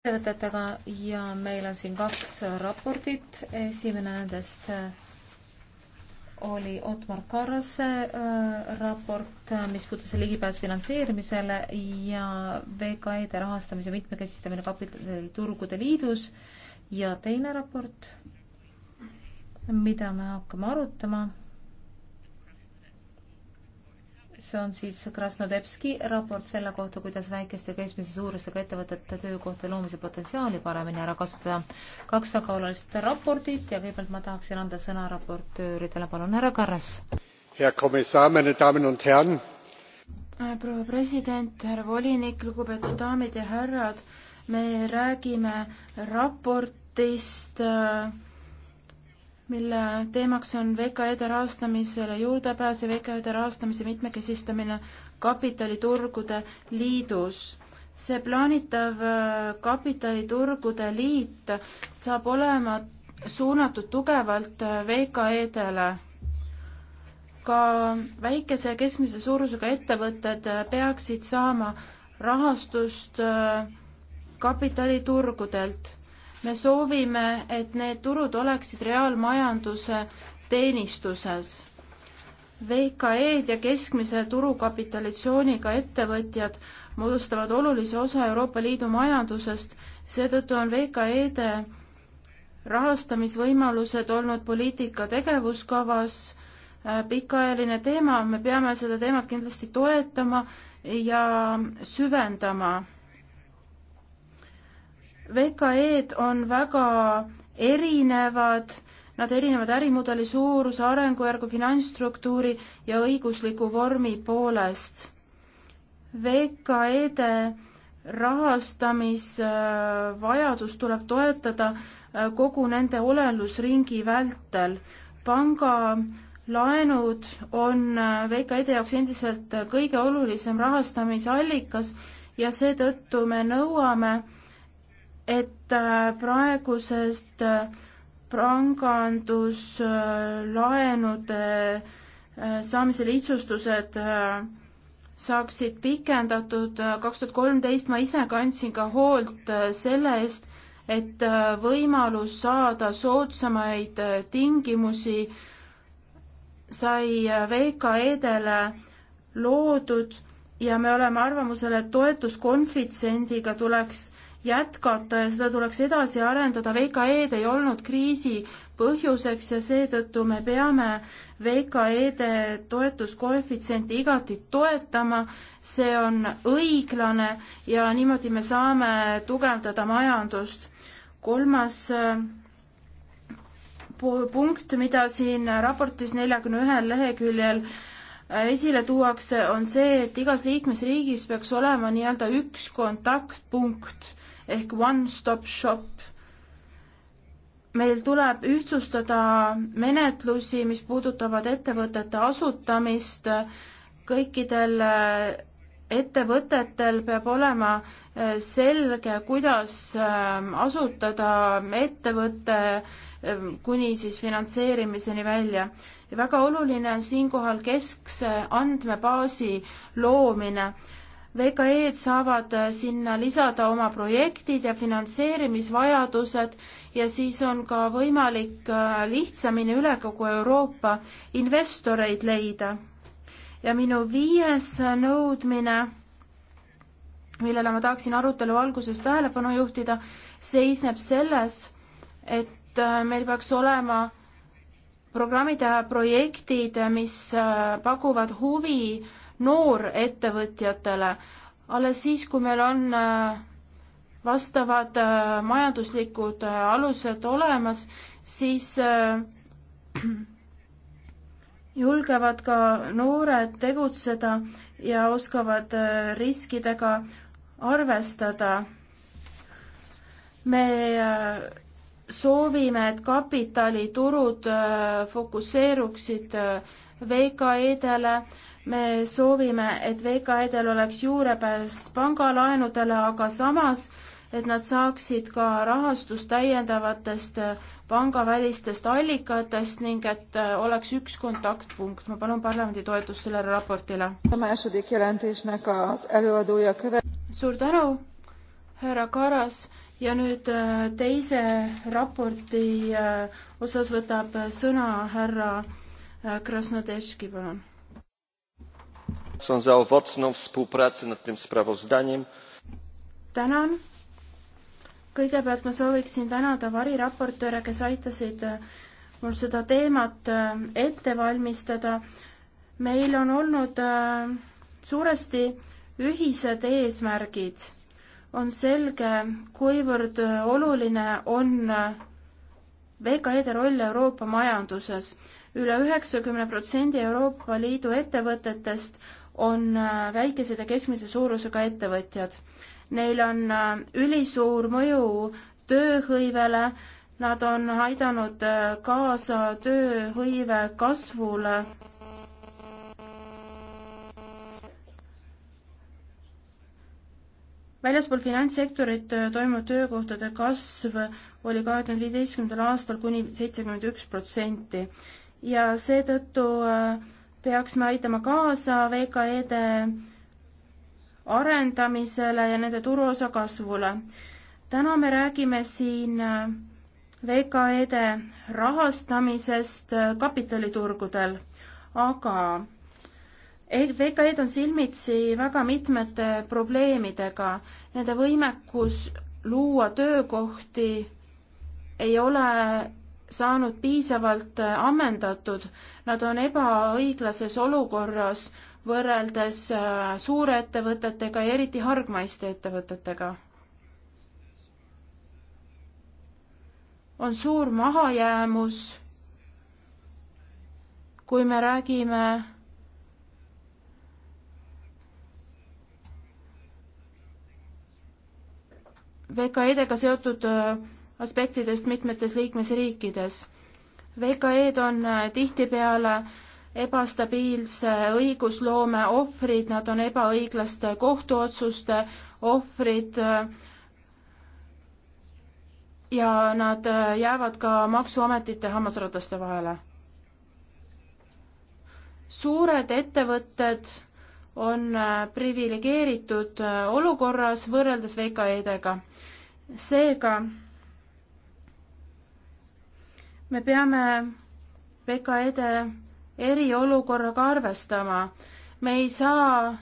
ettevõtetega ja meil on siin kaks raportit. esimene nendest äh, oli Otmar Karase äh, raport, äh, mis puudutas ligipääs finantseerimisele ja VKE-de rahastamise mitmekesistamine kapitaliturgude liidus ja teine raport, mida me hakkame arutama see on siis Krasnodebski raport selle kohta, kuidas väikeste keskmise suurusega ettevõtete töökohta loomise potentsiaali paremini ära kasutada. kaks väga olulist raportit ja kõigepealt ma tahaksin anda sõna raportööridele, palun, härra Karras. Äh, proua president, härra volinik, lugupeetud daamid ja härrad, me räägime raportist äh, mille teemaks on VKE-de rahastamisele juurdepääs ja VKE-de rahastamise mitmekesistamine kapitaliturgude liidus. see plaanitav äh, kapitaliturgude liit saab olema suunatud tugevalt äh, VKE-dele. ka väikese ja keskmise suurusega ettevõtted äh, peaksid saama rahastust kapitaliturgudelt me soovime, et need turud oleksid reaalmajanduse teenistuses. VKE-d ja keskmise turukapitalisatsiooniga ettevõtjad moodustavad olulise osa Euroopa Liidu majandusest, seetõttu on VKE-de rahastamisvõimalused olnud poliitika tegevuskavas äh, pikaajaline teema, me peame seda teemat kindlasti toetama ja süvendama VKE-d on väga erinevad, nad erinevad ärimudeli suuruse, arengujärgu, finantsstruktuuri ja õigusliku vormi poolest. VKE-de rahastamisvajadust tuleb toetada äh, kogu nende olelusringi vältel. panga laenud on äh, VKE-de jaoks endiselt äh, kõige olulisem rahastamisallikas ja seetõttu me nõuame, et äh, praegusest äh, panganduslaenude äh, saamise lihtsustused saaksid pikendatud. kaks tuhat kolmteist ma ise kandsin ka hoolt selle eest, et võimalus saada soodsamaid tingimusi sai VKE-dele loodud ja me oleme arvamusel, et toetuskonfitsendiga tuleks jätkata ja seda tuleks edasi arendada. VKE-d ei olnud kriisi põhjuseks ja seetõttu me peame VKE-de toetuskoefitsienti igati toetama. see on õiglane ja niimoodi me saame tugevdada majandust. kolmas äh, punkt, mida siin raportis neljakümne ühel leheküljel äh, esile tuuakse, on see, et igas liikmesriigis peaks olema nii-öelda üks kontaktpunkt ehk one-stop shop. meil tuleb ühtsustada menetlusi, mis puudutavad ettevõtete asutamist, kõikidel äh, ettevõtetel peab olema äh, selge, kuidas ähm, asutada ettevõte ähm, kuni siis finantseerimiseni välja. ja väga oluline on siinkohal keskse andmebaasi loomine VKE-d saavad äh, sinna lisada oma projektid ja finantseerimisvajadused ja siis on ka võimalik äh, lihtsamini üle kogu Euroopa investoreid leida. ja minu viies äh, nõudmine, millele ma tahaksin arutelu alguses tähelepanu juhtida, seisneb selles, et meil peaks olema programmid ja projektid, mis pakuvad huvi äh, noorettevõtjatele. alles siis, kui meil on äh, vastavad äh, majanduslikud äh, alused olemas, siis julgevad ka noored tegutseda ja oskavad riskidega arvestada. me soovime, et kapitaliturud fokusseeruksid VKE-dele, me soovime, et VKE-del oleks juurepääs pangalaenudele, aga samas, et nad saaksid ka rahastust täiendavatest pangavälistest allikatest ning et äh, oleks üks kontaktpunkt. ma palun parlamendi toetust sellele raportile. suur tänu, härra Karas ja nüüd äh, teise raporti äh, osas võtab sõna härra Krasnodeski, palun za ovocną współpracę nad tym sprawozdaniem. tänan. kõigepealt ma sooviksin tänada variraportööre, kes aitasid äh, mul seda teemat äh, ette valmistada. meil on olnud äh, suuresti ühised eesmärgid. on selge, kuivõrd oluline on VKE-de roll Euroopa majanduses üle. üle üheksakümne protsendi Euroopa Liidu ettevõtetest on äh, väikesed ja keskmise suurusega ettevõtjad. Neil on äh, ülisuur mõju tööhõivele, nad on aidanud äh, kaasa tööhõive kasvule. väljaspool finantssektorit toimunud töökohtade kasv oli kahe tuhande viieteistkümnendal aastal kuni seitsekümmend üks protsenti ja seetõttu äh, peaksime aitama kaasa VKE-de arendamisele ja nende turuosa kasvule. täna me räägime siin äh, VKE-de rahastamisest äh, kapitaliturgudel, aga eh, VKE-d on silmitsi väga mitmete probleemidega. Nende võimekus luua töökohti ei ole saanud piisavalt äh, ammendatud, nad on ebaõiglases olukorras võrreldes äh, suurettevõtetega ja eriti hargmaiste ettevõtetega. on suur mahajäämus, kui me räägime VKE-dega seotud äh, aspektidest mitmetes liikmesriikides. VKE-d on äh, tihtipeale ebastabiilse õigusloome ohvrid, nad on ebaõiglaste kohtuotsuste ohvrid äh, ja nad äh, jäävad ka maksuametite hammasrataste vahele. suured ettevõtted on priviligeeritud olukorras võrreldes VKE-dega. seega me peame VKE-de eriolukorraga arvestama. me ei saa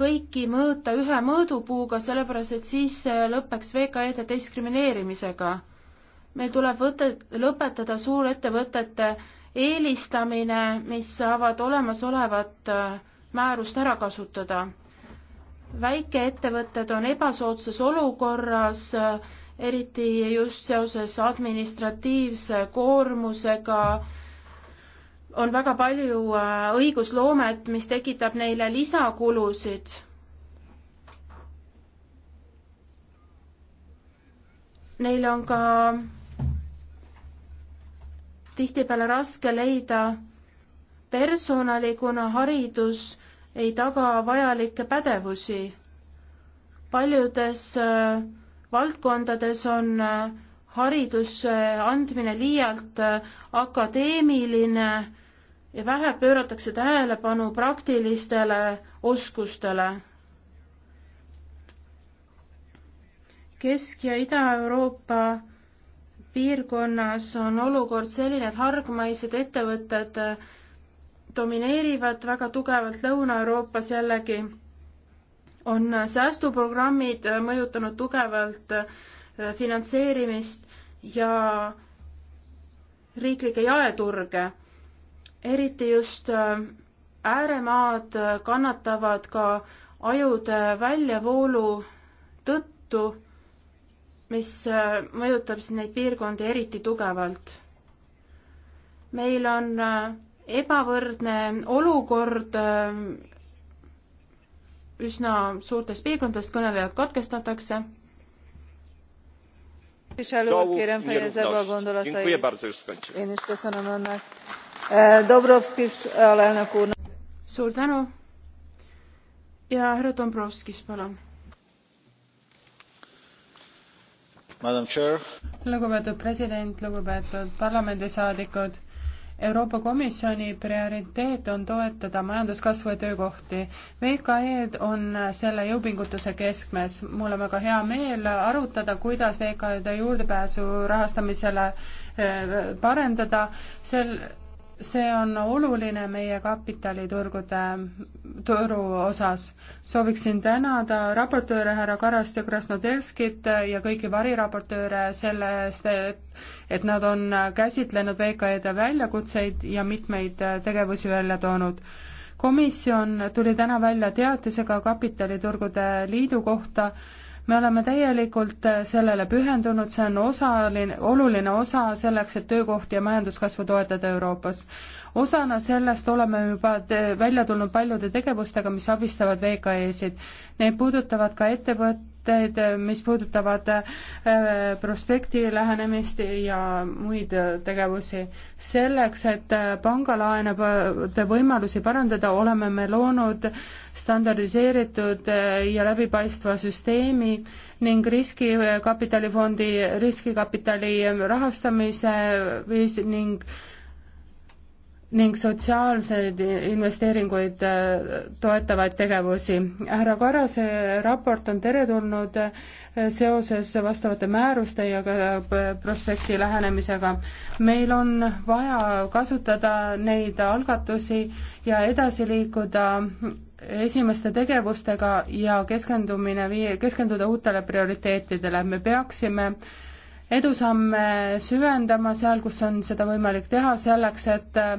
kõiki mõõta ühe mõõdupuuga, sellepärast et siis lõpeks VKE-de diskrimineerimisega. meil tuleb võte, lõpetada suurettevõtete eelistamine, mis saavad olemasolevat äh, määrust ära kasutada. väikeettevõtted on ebasoodsas olukorras äh, eriti just seoses administratiivse koormusega on väga palju äh, õigusloomet, mis tekitab neile lisakulusid. Neil on ka tihtipeale raske leida personali, kuna haridus ei taga vajalikke pädevusi. paljudes äh, valdkondades on äh, hariduse andmine liialt äh, akadeemiline ja vähe pööratakse tähelepanu praktilistele oskustele. Kesk- ja Ida-Euroopa piirkonnas on olukord selline, et hargmaised ettevõtted äh, domineerivad väga tugevalt Lõuna-Euroopas jällegi on säästuprogrammid mõjutanud tugevalt äh, finantseerimist ja riiklikke jaeturge. eriti just äh, ääremaad äh, kannatavad ka ajude väljavoolu tõttu, mis mõjutab siis neid piirkondi eriti tugevalt. meil on ebavõrdne olukord üsna suurtes piirkondades kõnelejad katkestatakse. E, suur tänu ja härra Dombrovskis, palun. lugupeetud president, lugupeetud parlamendisaadikud Euroopa Komisjoni prioriteet on toetada majanduskasvu ja töökohti. VKE-d on selle jõupingutuse keskmes. mul on väga hea meel arutada, kuidas VKE-de juurdepääsu rahastamisele eh, parendada, sel see on oluline meie kapitaliturgude turu osas. sooviksin tänada raportööre härra Karast ja Krasnodelskit ja kõiki variraportööre selle eest, et, et nad on käsitlenud VKE-de väljakutseid ja mitmeid tegevusi välja toonud. komisjon tuli täna välja teatisega kapitaliturgude liidu kohta me oleme täielikult äh, sellele pühendunud, see on osaline, oluline osa selleks, et töökohti ja majanduskasvu toetada Euroopas. osana sellest oleme juba välja tulnud paljude tegevustega, mis abistavad VKE-sid. Need puudutavad ka ettevõt-, mõtteid, mis puudutavad äh, prospekti lähenemist ja muid tegevusi. selleks, et pangalaenude võimalusi parandada, oleme me loonud standardiseeritud ja läbipaistva süsteemi ning riskikapitalifondi riskikapitali rahastamise viis ning ning sotsiaalseid investeeringuid äh, toetavaid tegevusi. härra Karase raport on teretulnud äh, seoses vastavate määruste ja ka äh, prospekti lähenemisega. meil on vaja kasutada neid algatusi ja edasi liikuda esimeste tegevustega ja keskendumine, keskenduda uutele prioriteetidele. me peaksime äh, edusamme süvendama seal, kus on seda võimalik teha, selleks et eh,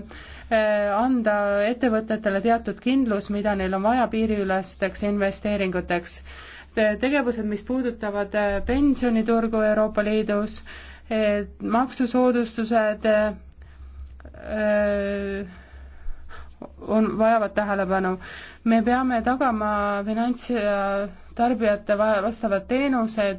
anda ettevõtetele teatud kindlus, mida neil on vaja piiriülesteks investeeringuteks. tegevused, mis puudutavad eh, pensioniturgu Euroopa Liidus, maksusoodustused, eh, on, vajavad tähelepanu. me peame tagama finants- ja tarbijate vastavad teenused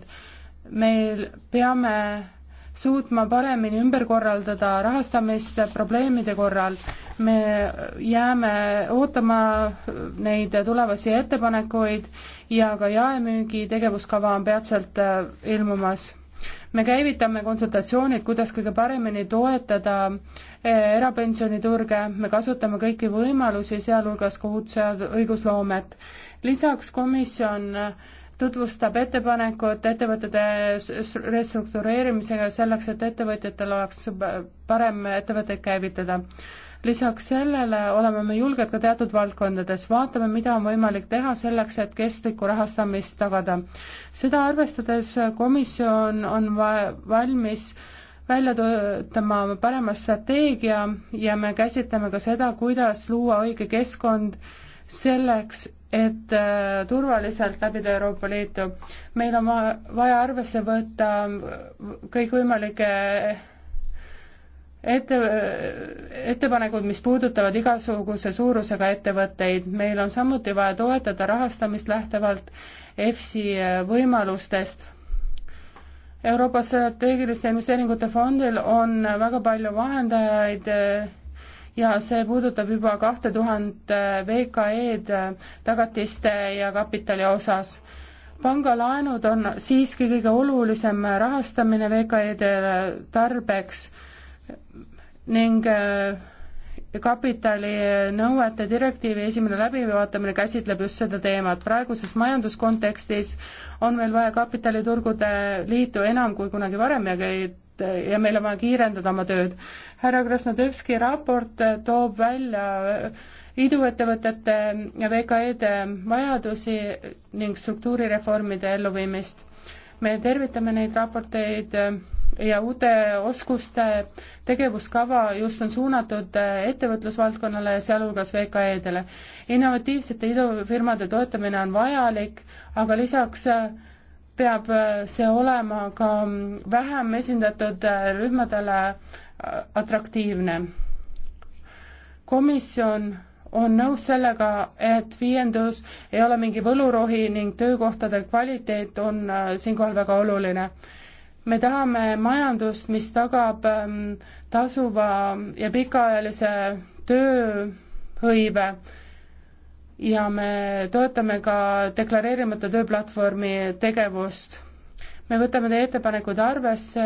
meil peame suutma paremini ümber korraldada rahastamist probleemide korral. me jääme ootama neid tulevasi ettepanekuid ja ka jaemüügi tegevuskava on peatselt äh, ilmumas me käivitame konsultatsioonid, kuidas kõige paremini toetada äh, erapensioniturge, me kasutame kõiki võimalusi, sealhulgas ka uut seadu-, õigusloomet. lisaks komisjon äh, tutvustab ettepanekut ettevõtete restruktureerimisega selleks, et ettevõtjatel oleks parem ettevõtteid käivitada. lisaks sellele oleme me julged ka teatud valdkondades, vaatame, mida on võimalik teha selleks, et kestlikku rahastamist tagada. seda arvestades komisjon on va-, valmis välja töötama parema strateegia ja me käsitleme ka seda, kuidas luua õige keskkond selleks, et äh, turvaliselt läbida Euroopa Liitu. meil on vaja arvesse võtta äh, kõikvõimalikke äh, ette, ettepanekud, mis puudutavad igasuguse suurusega ettevõtteid. meil on samuti vaja toetada rahastamist lähtuvalt EFSI võimalustest. Euroopa strateegiliste investeeringute fondil on väga palju vahendajaid ja see puudutab juba kahte tuhat äh, VKE-d äh, tagatiste ja kapitali osas. pangalaenud on siiski kõige olulisem rahastamine VKE-de tarbeks ning äh, kapitalinõuete direktiivi esimene läbivaatamine käsitleb just seda teemat. praeguses majanduskontekstis on meil vaja kapitaliturgude liitu enam kui kunagi varem ja ja meil on vaja kiirendada oma tööd. härra Krasnodevski raport toob välja iduettevõtete ja VKE-de vajadusi ning struktuurireformide elluviimist. me tervitame neid raporteid ja uute oskuste tegevuskava just on suunatud ettevõtlusvaldkonnale ja sealhulgas VKE-dele. innovatiivsete idufirmade toetamine on vajalik, aga lisaks peab äh, see olema ka vähem esindatud äh, rühmadele äh, atraktiivne. komisjon on nõus sellega, et viiendus ei ole mingi võlurohi ning töökohtade kvaliteet on siinkohal väga oluline. me tahame majandust, mis tagab ähm, tasuva ja pikaajalise tööhõive ja me toetame ka deklareerimata tööplatvormi tegevust. me võtame teie ettepanekud arvesse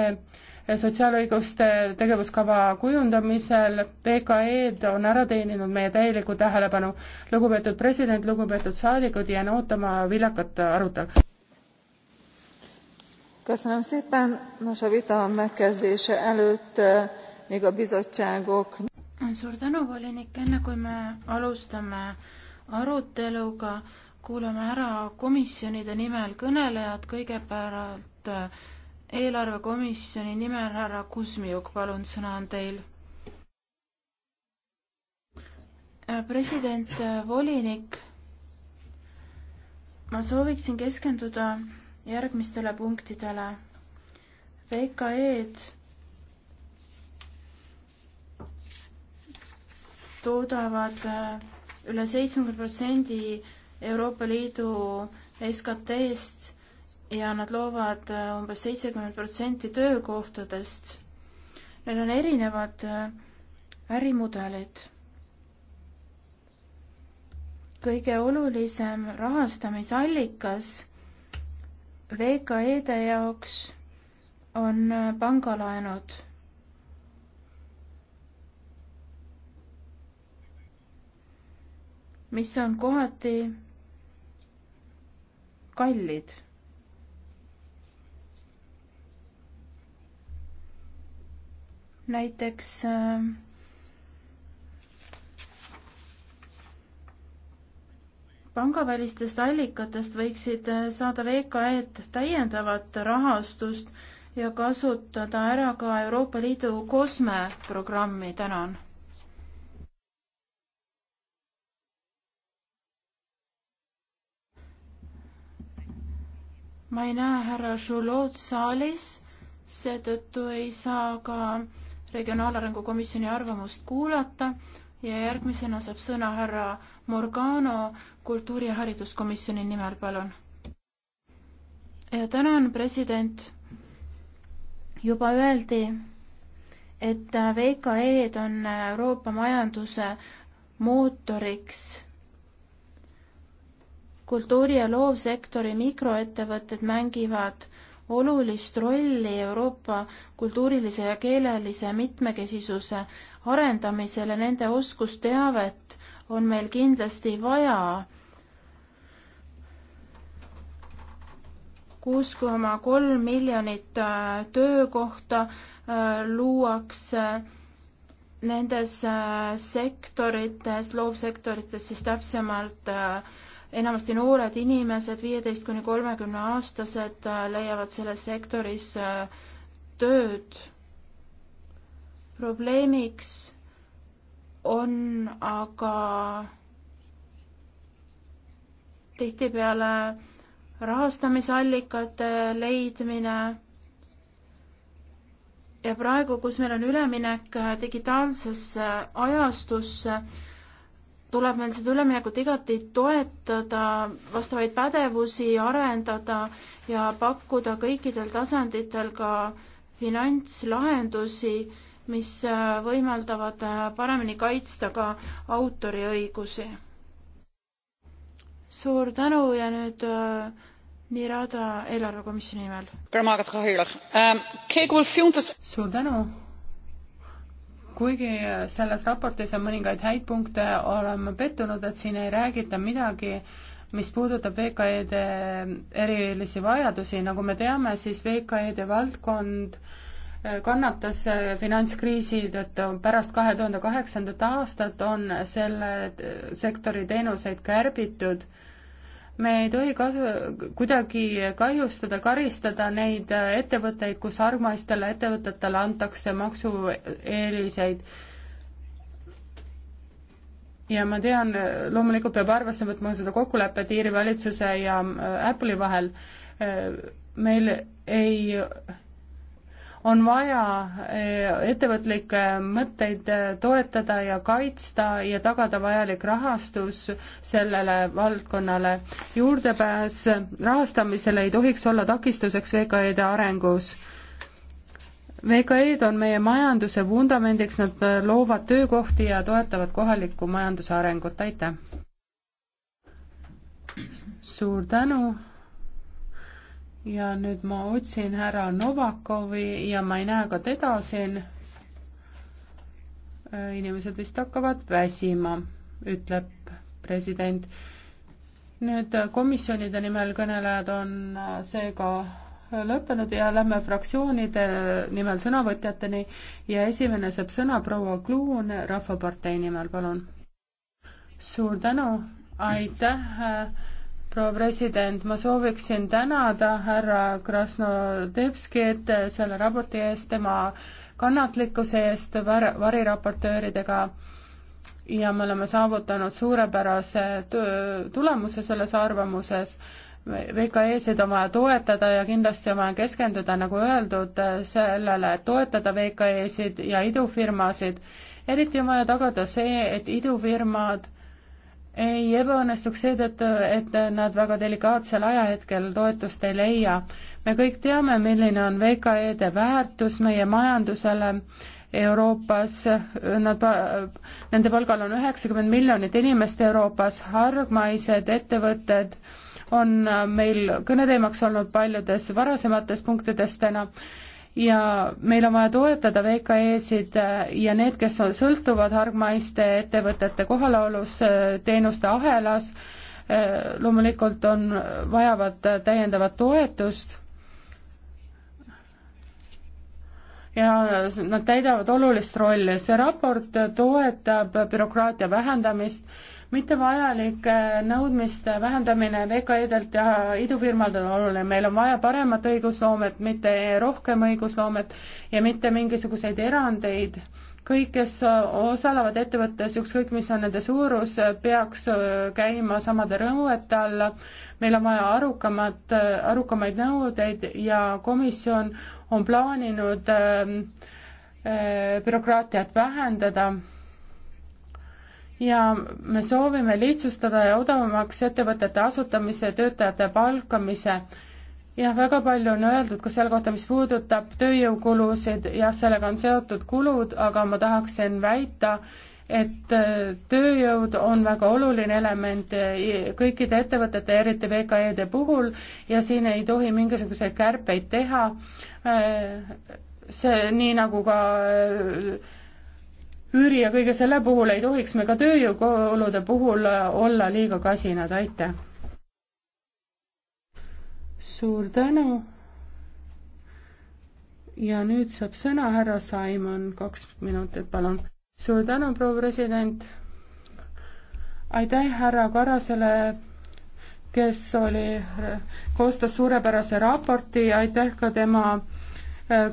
sotsiaalõiguste tegevuskava kujundamisel, PKE-d on ära teeninud meie täieliku tähelepanu. lugupeetud president, lugupeetud saadikud, jään ootama viljakat arutelu. köszönöm szépen, nos a vita megkezdése előtt eh, még a bizottságok. suur tänu, volinik, enne kui me alustame aruteluga, kuulame ära komisjonide nimel kõnelejad, kõigepealt äh, eelarvekomisjoni nimel härra Kusmiuk, palun, sõna on teil. Äh, president, äh, volinik, ma sooviksin keskenduda järgmistele punktidele. VKE-d toodavad üle seitsmekümne protsendi Euroopa Liidu SKT-st ja nad loovad äh, umbes seitsekümmend protsenti töökohtadest. Neil on erinevad äh, ärimudelid. kõige olulisem rahastamisallikas VKE-de jaoks on äh, pangalaenud mis on kohati kallid. näiteks äh, pangavälistest allikatest võiksid äh, saada VKE-d täiendavat rahastust ja kasutada ära ka Euroopa Liidu kosmeprogrammi, tänan. ma ei näe härra Žulot saalis, seetõttu ei saa ka regionaalarengu komisjoni arvamust kuulata ja järgmisena saab sõna härra Morgano kultuuri- ja hariduskomisjoni nimel, palun. ja tänan, president. juba öeldi, et VKE-d on Euroopa majanduse mootoriks kultuuri- ja loovsektori mikroettevõtted mängivad olulist rolli Euroopa kultuurilise ja keelelise mitmekesisuse arendamisel ja nende oskusteavet on meil kindlasti vaja. kuus koma kolm miljonit äh, töökohta äh, luuakse nendes äh, sektorites, loovsektorites siis täpsemalt äh, enamasti noored inimesed, viieteist kuni kolmekümne aastased, äh, leiavad selles sektoris äh, tööd. probleemiks on aga tihtipeale rahastamisallikate leidmine ja praegu, kus meil on üleminek äh, digitaalsesse ajastusse, tuleb meil seda üleminekut igati toetada, vastavaid pädevusi arendada ja pakkuda kõikidel tasanditel ka finantslahendusi, mis äh, võimaldavad äh, paremini kaitsta ka autoriõigusi. suur tänu ja nüüd äh, Nirada eelarvekomisjoni nimel. suur tänu kuigi selles raportis on mõningaid häid punkte, olen ma pettunud, et siin ei räägita midagi, mis puudutab VKE-de erilisi vajadusi, nagu me teame, siis VKE-de valdkond eh, kannatas eh, finantskriisi tõttu pärast kahe tuhande kaheksandat aastat on selle eh, sektori teenuseid kärbitud ka me ei tohi kasu, kuidagi kahjustada, karistada neid ettevõtteid, kus armastele ettevõtetele antakse maksueeliseid. ja ma tean, loomulikult peab arvesse võtma seda kokkulepet Iiri valitsuse ja Apple'i vahel, meil ei on vaja eh, ettevõtlikke mõtteid eh, toetada ja kaitsta ja tagada vajalik rahastus sellele valdkonnale. juurdepääs rahastamisele ei tohiks olla takistuseks VKE-de arengus. VKE-d on meie majanduse vundamendiks, nad eh, loovad töökohti ja toetavad kohalikku majanduse arengut, aitäh! suur tänu! ja nüüd ma otsin härra Novakovi ja ma ei näe ka teda siin. Äh, inimesed vist hakkavad väsima, ütleb president. nüüd äh, komisjonide nimel kõnelejad on äh, seega lõppenud ja lähme fraktsioonide nimel sõnavõtjateni ja esimene saab sõna proua Kluun Rahvapartei nimel, palun. suur tänu, aitäh proua president, ma sooviksin tänada härra Krasnodebskit selle raporti eest, tema kannatlikkuse eest var-, variraportööridega ja me oleme saavutanud suurepärase tulemuse selles arvamuses. VKE-sid on vaja toetada ja kindlasti on vaja keskenduda, nagu öeldud, sellele, et toetada VKE-sid ja idufirmasid. eriti on vaja tagada see, et idufirmad ei ebaõnnestuks seetõttu, et nad väga delikaatsel ajahetkel toetust ei leia. me kõik teame, milline on VKE-de väärtus meie majandusele Euroopas, nad, nende palgal on üheksakümmend miljonit inimest Euroopas, hargmaised ettevõtted on meil kõneteemaks olnud paljudes varasemates punktides täna ja meil on vaja toetada VKE-sid äh, ja need, kes on, sõltuvad hargmaiste ettevõtete kohalolus äh, teenuste ahelas, äh, loomulikult on, vajavad täiendavat toetust ja nad täidavad olulist rolli. see raport toetab bürokraatia vähendamist mittevajalike äh, nõudmiste vähendamine VKE-delt ja idufirmalt on oluline, meil on vaja paremat õigusloomet, mitte rohkem õigusloomet ja mitte mingisuguseid erandeid. kõik, kes äh, osalevad ettevõttes, ükskõik mis on nende suurus, äh, peaks käima samade nõuete alla, meil on vaja arukamat, arukamaid nõudeid ja komisjon on plaaninud ähm, bürokraatiat vähendada ja me soovime lihtsustada ja odavamaks ettevõtete asutamise, töötajate palkamise. jah, väga palju on öeldud ka selle kohta, mis puudutab tööjõukulusid, jah, sellega on seotud kulud, aga ma tahaksin väita, et äh, tööjõud on väga oluline element äh, kõikide ettevõtete, eriti VKE-de puhul ja siin ei tohi mingisuguseid kärpeid teha. Äh, see, nii nagu ka üüri ja kõige selle puhul ei tohiks me ka tööjõukulude puhul olla liiga kasinad, aitäh! suur tänu! ja nüüd saab sõna härra Simon, kaks minutit, palun. suur tänu, proua president! aitäh härra Karasele, kes oli, koostas suurepärase raporti, aitäh ka tema Äh,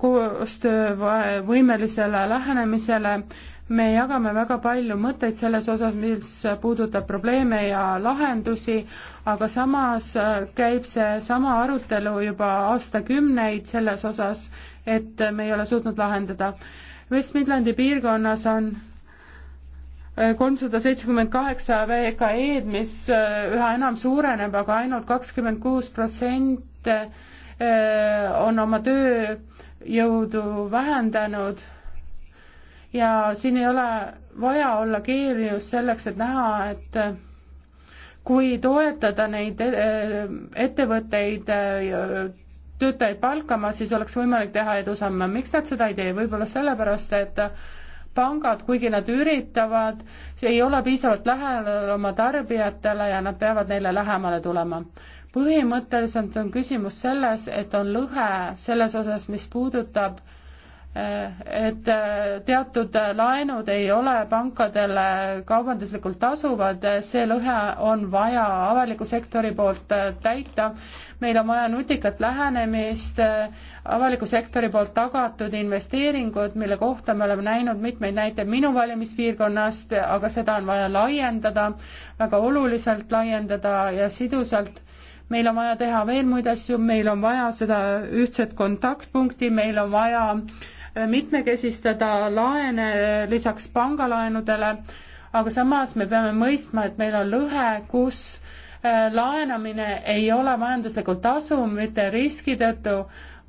koostöövõimelisele lähenemisele. me jagame väga palju mõtteid selles osas, mis puudutab probleeme ja lahendusi, aga samas äh, käib seesama arutelu juba aastakümneid selles osas, et me ei ole suutnud lahendada. West Midlandi piirkonnas on äh, kolmsada seitsekümmend kaheksa VKE-d, mis üha enam suureneb aga, aga ainult kakskümmend kuus protsenti on oma tööjõudu vähendanud ja siin ei ole vaja olla geenius selleks, et näha, et kui toetada neid e, e, ettevõtteid e, töötajaid palkama, siis oleks võimalik teha edusamme. miks nad seda ei tee? võib-olla sellepärast, et pangad, kuigi nad üritavad, ei ole piisavalt lähedal oma tarbijatele ja nad peavad neile lähemale tulema põhimõtteliselt on küsimus selles, et on lõhe selles osas, mis puudutab eh, et eh, teatud laenud ei ole pankadele kaubanduslikult tasuvad, see lõhe on vaja avaliku sektori poolt eh, täita. meil on vaja nutikat lähenemist, avaliku sektori poolt tagatud investeeringud, mille kohta me oleme näinud mitmeid näiteid minu valimispiirkonnast, aga seda on vaja laiendada, väga oluliselt laiendada ja sidusalt meil on vaja teha veel muid asju, meil on vaja seda ühtset kontaktpunkti, meil on vaja äh, mitmekesistada laene lisaks pangalaenudele, aga samas me peame mõistma, et meil on lõhe, kus äh, laenamine ei ole majanduslikult tasuv mitte riski tõttu,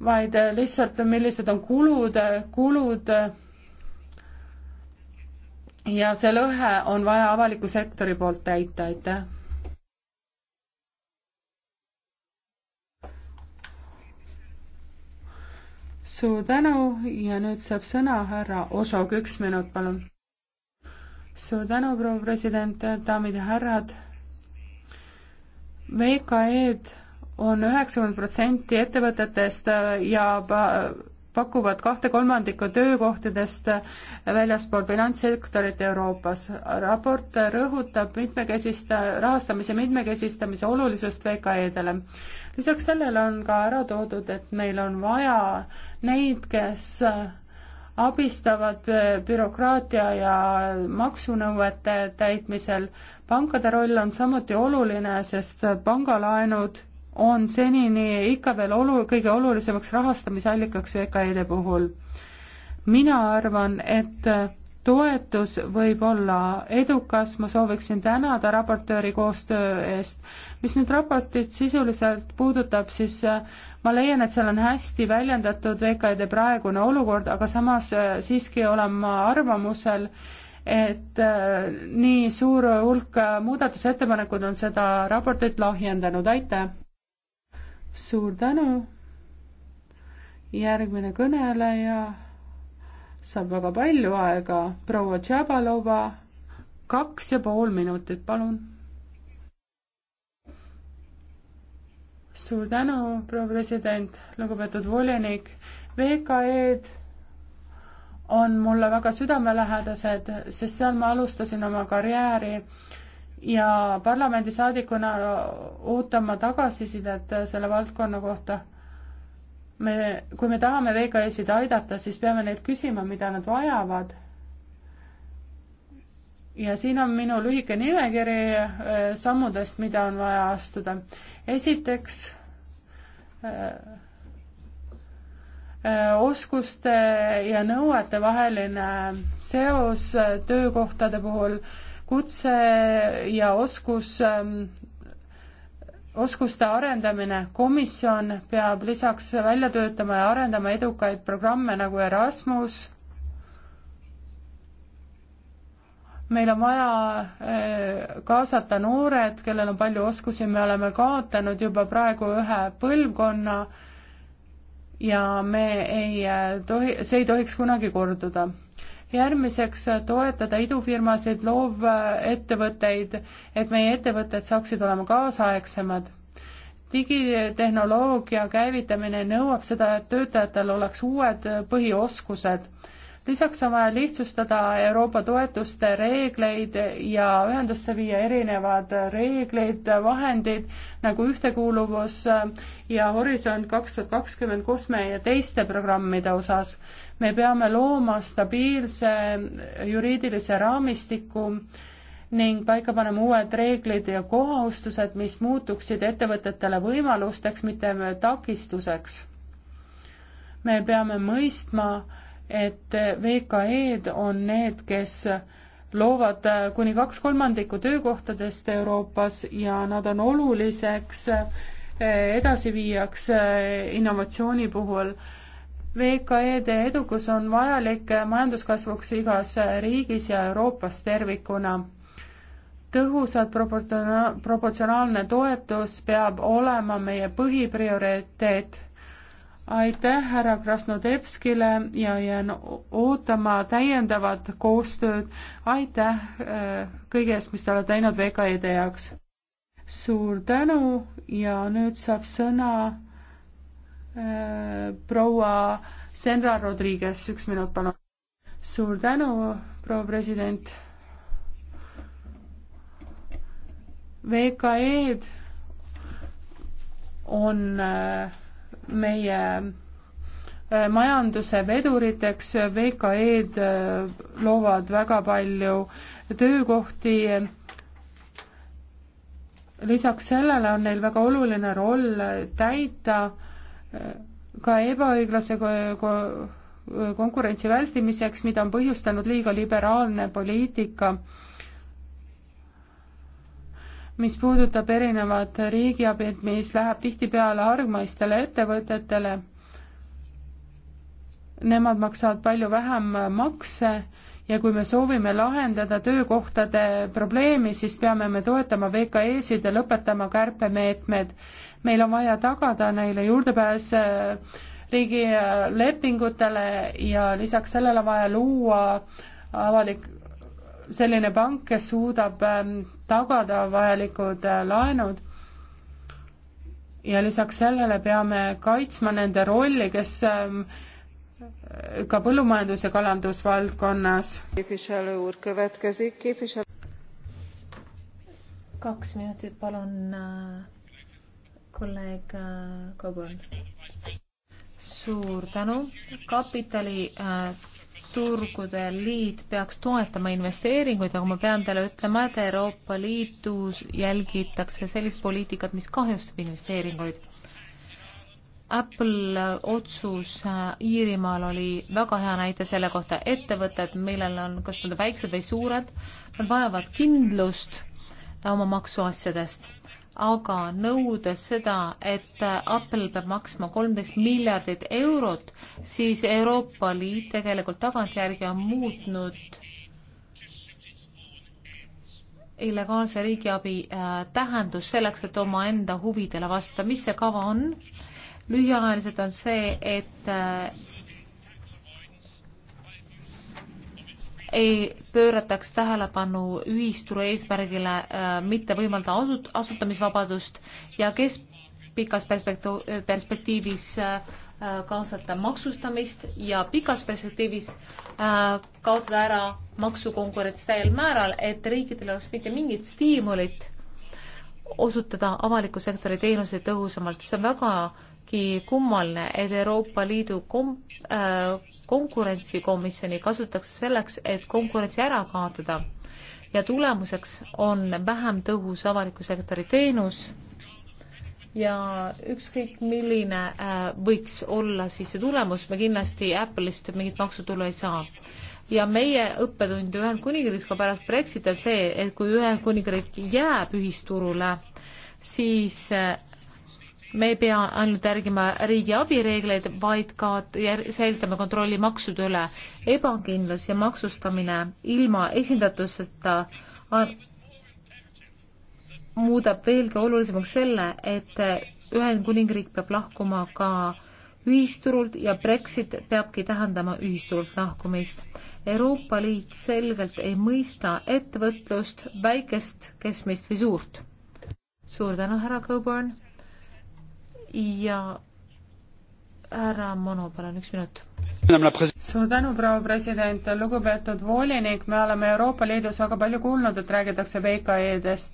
vaid äh, lihtsalt millised on kulud, kulud ja see lõhe on vaja avaliku sektori poolt täita, aitäh suur tänu ja nüüd saab sõna härra Ožog, üks minut, palun. suur tänu, proua president, daamid ja härrad. VKE-d on üheksakümmend protsenti ettevõtetest ja pakuvad kahte kolmandikku töökohtadest väljaspool finantssektorit Euroopas. raport rõhutab mitmekesista, rahastamise mitmekesistamise olulisust VKE-dele. lisaks sellele on ka ära toodud, et meil on vaja neid, kes abistavad bürokraatia ja maksunõuete täitmisel. pankade roll on samuti oluline, sest pangalaenud on senini ikka veel olu-, kõige olulisemaks rahastamisallikaks VKE-de puhul. mina arvan, et toetus võib olla edukas, ma sooviksin tänada raportööri koostöö eest. mis nüüd raportit sisuliselt puudutab, siis äh, ma leian, et seal on hästi väljendatud VKD praegune olukord, aga samas äh, siiski olen ma arvamusel, et äh, nii suur hulk muudatusettepanekud on seda raportit lahjendanud, aitäh! suur tänu. järgmine kõneleja saab väga palju aega, proua Tšabalova, kaks ja pool minutit, palun. suur tänu, proua president, lugupeetud volinik, VKE-d on mulle väga südamelähedased, sest seal ma alustasin oma karjääri ja parlamendisaadikuna ootan ma tagasisidet äh, selle valdkonna kohta. me, kui me tahame VKS-id aidata, siis peame neilt küsima, mida nad vajavad. ja siin on minu lühike nimekiri äh, sammudest, mida on vaja astuda. esiteks öö, äh, oskuste ja nõuete vaheline seos töökohtade puhul äh, kutse ja oskus ähm, oskuste arendamine, komisjon peab lisaks välja töötama ja arendama edukaid programme nagu Erasmus, meil on vaja äh, kaasata noored, kellel on palju oskusi, me oleme kaotanud juba praegu ühe põlvkonna ja me ei äh, tohi, see ei tohiks kunagi korduda järgmiseks äh, toetada idufirmasid, loovettevõtteid, et meie ettevõtted saaksid olema kaasaegsemad. digitehnoloogia käivitamine nõuab seda, et töötajatel oleks uued äh, põhioskused. lisaks on vaja lihtsustada Euroopa toetuste reegleid ja ühendusse viia erinevad äh, reeglid, vahendid nagu ühtekuuluvus ja Horisont kaks tuhat kakskümmend kosme ja teiste programmide osas me peame looma stabiilse juriidilise raamistiku ning paika panema uued reeglid ja kohustused, mis muutuksid ettevõtetele võimalusteks, mitte takistuseks. me peame mõistma, et VKE-d on need, kes loovad kuni kaks kolmandikku töökohtadest Euroopas ja nad on oluliseks edasiviijaks innovatsiooni puhul VKE-de edukus on vajalik majanduskasvuks igas riigis ja Euroopas tervikuna. tõhusad proportsiona-, proportsionaalne toetus peab olema meie põhiprioriteet. aitäh härra Krasnodebskile ja jään ootama täiendavat koostööd. aitäh äh, kõige eest, mis te olete teinud VKE-de jaoks. suur tänu ja nüüd saab sõna proua Senra Rodriguez, üks minut, palun. suur tänu, proua president. VKE-d on äh, meie äh, majanduse veduriteks, VKE-d äh, loovad väga palju töökohti lisaks sellele on neil väga oluline roll täita ka ebaõiglase konkurentsi vältimiseks, mida on põhjustanud liiga liberaalne poliitika, mis puudutab erinevat riigiabid, mis läheb tihtipeale hargmaistele ettevõtetele. Nemad maksavad palju vähem makse ja kui me soovime lahendada töökohtade probleemi, siis peame me toetama VKE-sid ja lõpetama kärpemeetmed meil on vaja tagada neile juurdepääs äh, riigi äh, lepingutele ja lisaks sellele vaja luua avalik, selline pank, kes suudab ähm, tagada vajalikud äh, laenud ja lisaks sellele peame kaitsma nende rolli, kes ähm, ka põllumajandus- ja kalandusvaldkonnas. kaks minutit, palun kolleeg Kobon. Äh, suur tänu. kapitali äh, turgude liit peaks toetama investeeringuid, aga ma pean teile ütlema, et Euroopa Liidus jälgitakse sellist poliitikat, mis kahjustab investeeringuid. Apple äh, otsus äh, Iirimaal oli väga hea näide selle kohta, ettevõtted, millel on, kas nad on väiksed või suured, nad vajavad kindlust oma maksuasjadest aga nõudes seda, et Apple peab maksma kolmteist miljardit eurot, siis Euroopa Liit tegelikult tagantjärgi on muutnud illegaalse riigiabi äh, tähendus selleks, et omaenda huvidele vastata. mis see kava on? lühiajaliselt on see, et äh, ei pöörataks tähelepanu ühisturu eesmärgile äh, mitte võimalda asut-, asutamisvabadust ja kes pikas perspektu-, perspektiivis äh, äh, kaasata maksustamist ja pikas perspektiivis äh, kaotada ära maksukonkurents täiel määral, et riikidel oleks mitte mingit stiimulit osutada avaliku sektori teenuseid tõhusamalt, see on väga äh, küllaltki kummaline, et Euroopa Liidu kom-, äh, konkurentsikomisjoni kasutatakse selleks, et konkurentsi ära kaotada ja tulemuseks on vähem tõhus avaliku sektori teenus ja ükskõik, milline äh, võiks olla siis see tulemus, me kindlasti Apple'ist mingit maksutulu ei saa. ja meie õppetund Ühendkuningriigis ka pärast Brexitit on see, et kui Ühendkuningriik jääb ühisturule, siis äh, me ei pea ainult järgima riigi abireegleid, vaid ka säilitame kontrolli maksude üle. ebakindlus ja maksustamine ilma esindatuseta muudab veelgi olulisemaks selle, et Ühendkuningriik peab lahkuma ka ühisturult ja Brexit peabki tähendama ühisturult lahkumist. Euroopa Liit selgelt ei mõista ettevõtlust, väikest, keskmist või suurt. suur tänu, härra Coburn ja härra Mono, palun üks minut. suur tänu, proua president, lugupeetud volinik, me oleme Euroopa Liidus väga palju kuulnud, et räägitakse VKE-dest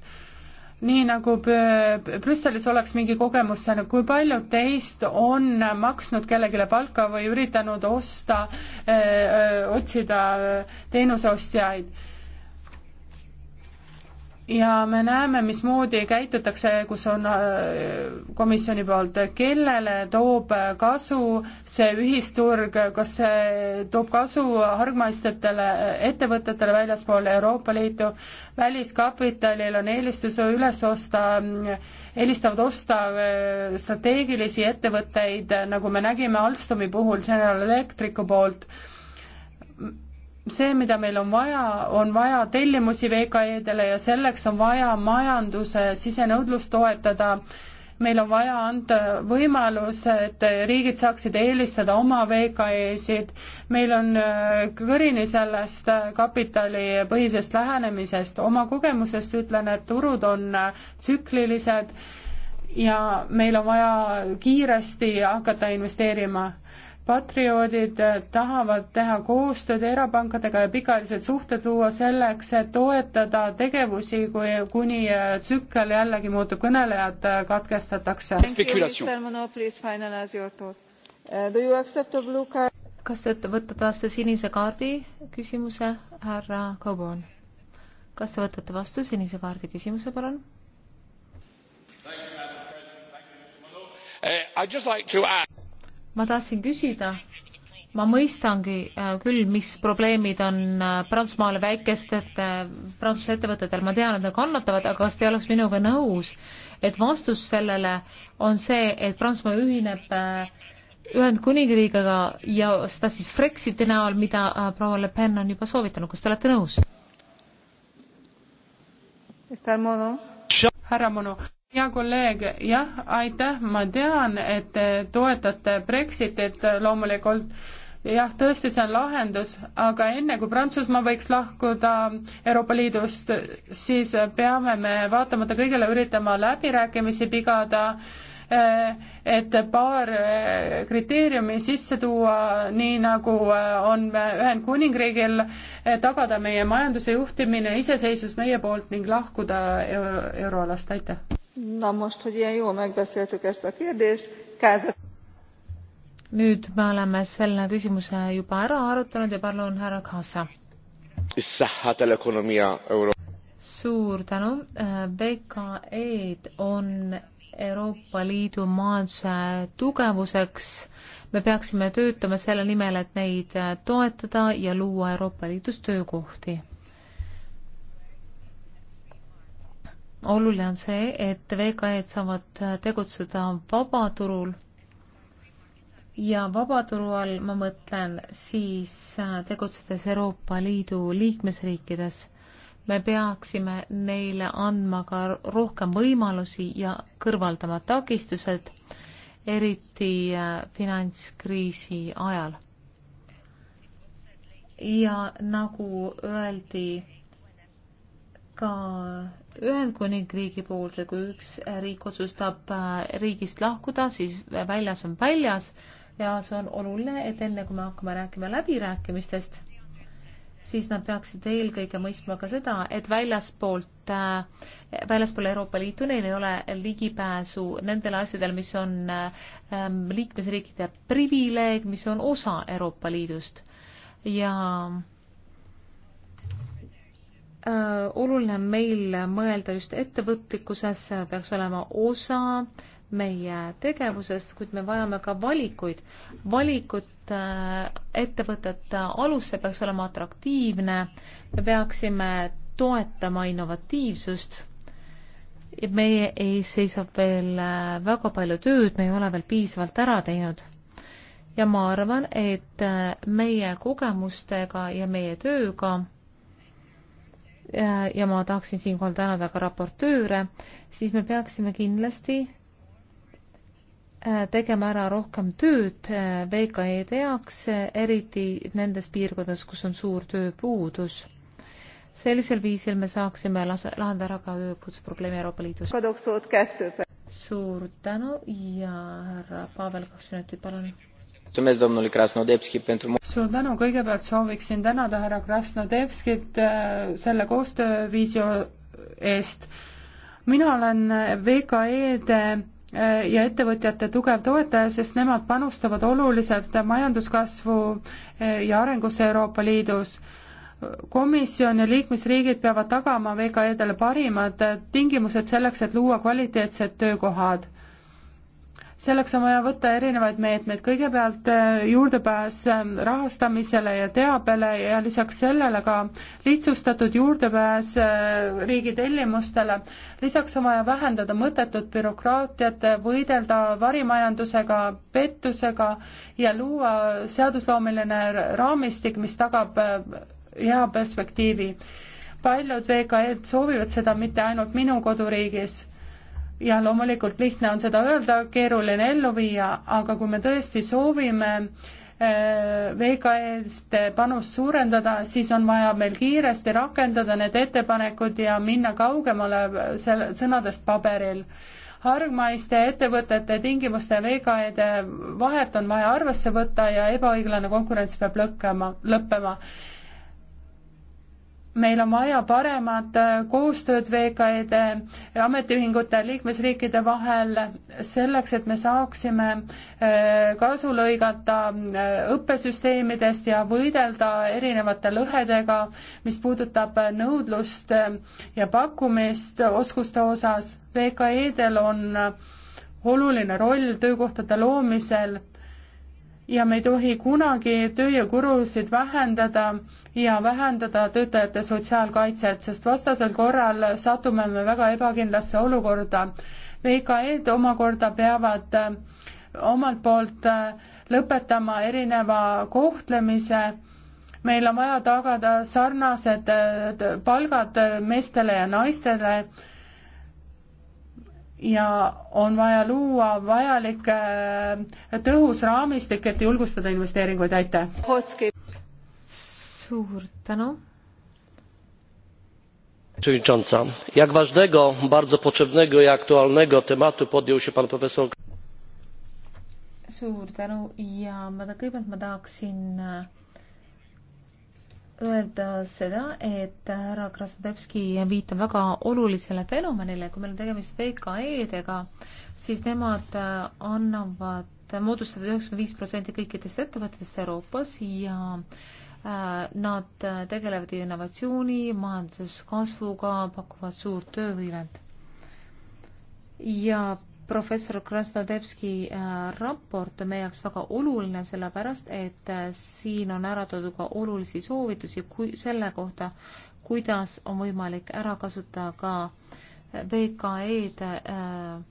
nii nagu Brüsselis oleks mingi kogemus seal, kui paljud teist on maksnud kellelegi palka või üritanud osta, eh, eh, otsida eh, teenuseostjaid ja me näeme, mismoodi käitutakse, kus on äh, komisjoni poolt, kellele toob kasu see ühisturg, kas see toob kasu hargmaistetele äh, ettevõtetele väljaspool Euroopa Liitu, väliskapitalil on eelistus üles osta, mm, eelistavad osta äh, strateegilisi ettevõtteid, nagu me nägime Alstomi puhul General Electricu poolt, see, mida meil on vaja, on vaja tellimusi VKE-dele ja selleks on vaja majanduse sisenõudlust toetada. meil on vaja anda võimalus, et riigid saaksid eelistada oma VKE-sid. meil on äh, kõrini sellest äh, kapitalipõhisest lähenemisest. oma kogemusest ütlen, et turud on äh, tsüklilised ja meil on vaja kiiresti hakata investeerima patrioodid eh, tahavad teha koostööd erapankadega ja pikaajalised suhted luua selleks, et toetada tegevusi, kui, kuni eh, tsükkel jällegi muutub, kõnelejad eh, katkestatakse. Uh, kas te võtate vastu sinise kaardi küsimuse, härra Coburn? kas te võtate vastu sinise kaardi küsimuse, palun? Uh, I'd just like to add ma tahtsin küsida, ma mõistangi äh, küll, mis probleemid on äh, Prantsusmaale väikestete äh, prantsuse ettevõtetel, ma tean, et nad kannatavad, aga kas te oleks minuga nõus, et vastus sellele on see, et Prantsusmaa ühineb Ühendkuningriigiga ja seda siis Frexiti näol, mida proua Le Pen on juba soovitanud, kas te olete nõus? härra Mono hea kolleeg, jah, aitäh, ma tean, et te toetate Brexitit loomulikult, jah, tõesti, see on lahendus, aga enne kui Prantsusmaa võiks lahkuda Euroopa Liidust, siis peame me vaatamata kõigele üritama läbirääkimisi pigada, eh, et paar eh, kriteeriumi sisse tuua, nii nagu eh, on Ühendkuningriigil, tagada meie majanduse juhtimine, iseseisvus meie poolt ning lahkuda euroalast, aitäh! Na most, hogy ilyen jól megbeszéltük ezt a kérdést, Káza... Nüüd me oleme selle küsimuse juba ära arutanud ja palun härra Kaasa. suur tänu. VKE-d on Euroopa Liidu majanduse tugevuseks. me peaksime töötama selle nimel, et neid toetada ja luua Euroopa Liidus töökohti oluline on see, et VKE-d saavad tegutseda vabaturul ja vabaturu all ma mõtlen siis äh, tegutsedes Euroopa Liidu liikmesriikides, me peaksime neile andma ka rohkem võimalusi ja kõrvaldama takistused, eriti äh, finantskriisi ajal. ja nagu öeldi ka Ühendkuningriigi puhul, kui üks riik otsustab äh, riigist lahkuda, siis väljas on väljas ja see on oluline, et enne kui me hakkame rääkima läbirääkimistest, siis nad peaksid eelkõige mõistma ka seda, et väljaspoolt äh,, väljaspool Euroopa Liitu neil ei ole ligipääsu nendele asjadele, mis on ähm, liikmesriikide privileeg, mis on osa Euroopa Liidust ja äh, Äh, oluline on meil mõelda just ettevõtlikkusesse, peaks olema osa meie tegevusest, kuid me vajame ka valikuid. valikut äh, ettevõtete alusse peaks olema atraktiivne, me peaksime toetama innovatiivsust ja meie ees seisab veel äh, väga palju tööd, me ei ole veel piisavalt ära teinud. ja ma arvan, et meie kogemustega ja meie tööga ja ma tahaksin siinkohal tänada ka raportööre, siis me peaksime kindlasti äh, tegema ära rohkem tööd äh, VKE-de jaoks, äh, eriti nendes piirkondades, kus on suur tööpuudus. sellisel viisil me saaksime lahendada ära ka tööpuuduse probleemi Euroopa Liidus. suur tänu ja härra Pavel, kaks minutit, palun suur tänu, kõigepealt sooviksin tänada härra Krasnodebskit äh, selle koostööviisi eest. mina olen VKE-de äh, ja ettevõtjate tugev toetaja, sest nemad panustavad oluliselt majanduskasvu äh, ja arengusse Euroopa Liidus komisjon ja liikmesriigid peavad tagama VKE-dele parimad tingimused selleks, et luua kvaliteetsed töökohad selleks on vaja võtta erinevaid meetmeid, kõigepealt äh, juurdepääs ähm, rahastamisele ja teabele ja lisaks sellele ka lihtsustatud juurdepääs äh, riigi tellimustele. lisaks on vaja vähendada mõttetut bürokraatiat, äh, võidelda varimajandusega, pettusega ja luua seadusloomeline raamistik, mis tagab hea perspektiivi. paljud VKE-d soovivad seda mitte ainult minu koduriigis ja loomulikult lihtne on seda öelda, keeruline ellu viia, aga kui me tõesti soovime äh, VKE-st panust suurendada, siis on vaja meil kiiresti rakendada need ettepanekud ja minna kaugemale selle, sõnadest paberil. hargmaiste ettevõtete tingimuste VKE-de vahet on vaja arvesse võtta ja ebaõiglane konkurents peab lõkkema, lõppema meil on vaja paremat äh, koostööd VKE-de, äh, ametiühingute, liikmesriikide vahel selleks, et me saaksime äh, kasu lõigata õppesüsteemidest ja võidelda erinevate lõhedega, mis puudutab nõudlust ja pakkumist oskuste osas. VKE-del on oluline roll töökohtade loomisel ja me ei tohi kunagi tööjõukulusid vähendada ja vähendada töötajate sotsiaalkaitset, sest vastasel korral satume me väga ebakindlasse olukorda. VKE-d omakorda peavad äh, omalt poolt äh, lõpetama erineva kohtlemise meil on vaja tagada sarnased äh, palgad meestele ja naistele ja on vaja luua vajalik äh, tõhus raamistik, et julgustada investeeringuid, aitäh! suur tänu! przewodnicząca! jak ważnego bardzo potrzebnego i aktualnego tematu podjął się pan profesor. suur tänu ja ma ta kõigepealt ma tahaksin öelda seda, et härra Krasnodebski viitab väga olulisele fenomenile, kui meil on tegemist VKE-dega, siis nemad äh, annavad, moodustavad üheksakümmend viis protsenti kõikidest ettevõtetest Euroopas ja äh, nad äh, tegelevad innovatsiooni, majanduskasvuga, pakuvad suurt tööhõivet. ja professor Krasnodebski äh, raport on meie jaoks väga oluline, sellepärast et äh, siin on ära toodud ka olulisi soovitusi kui, selle kohta, kuidas on võimalik ära kasutada ka VKE-de äh,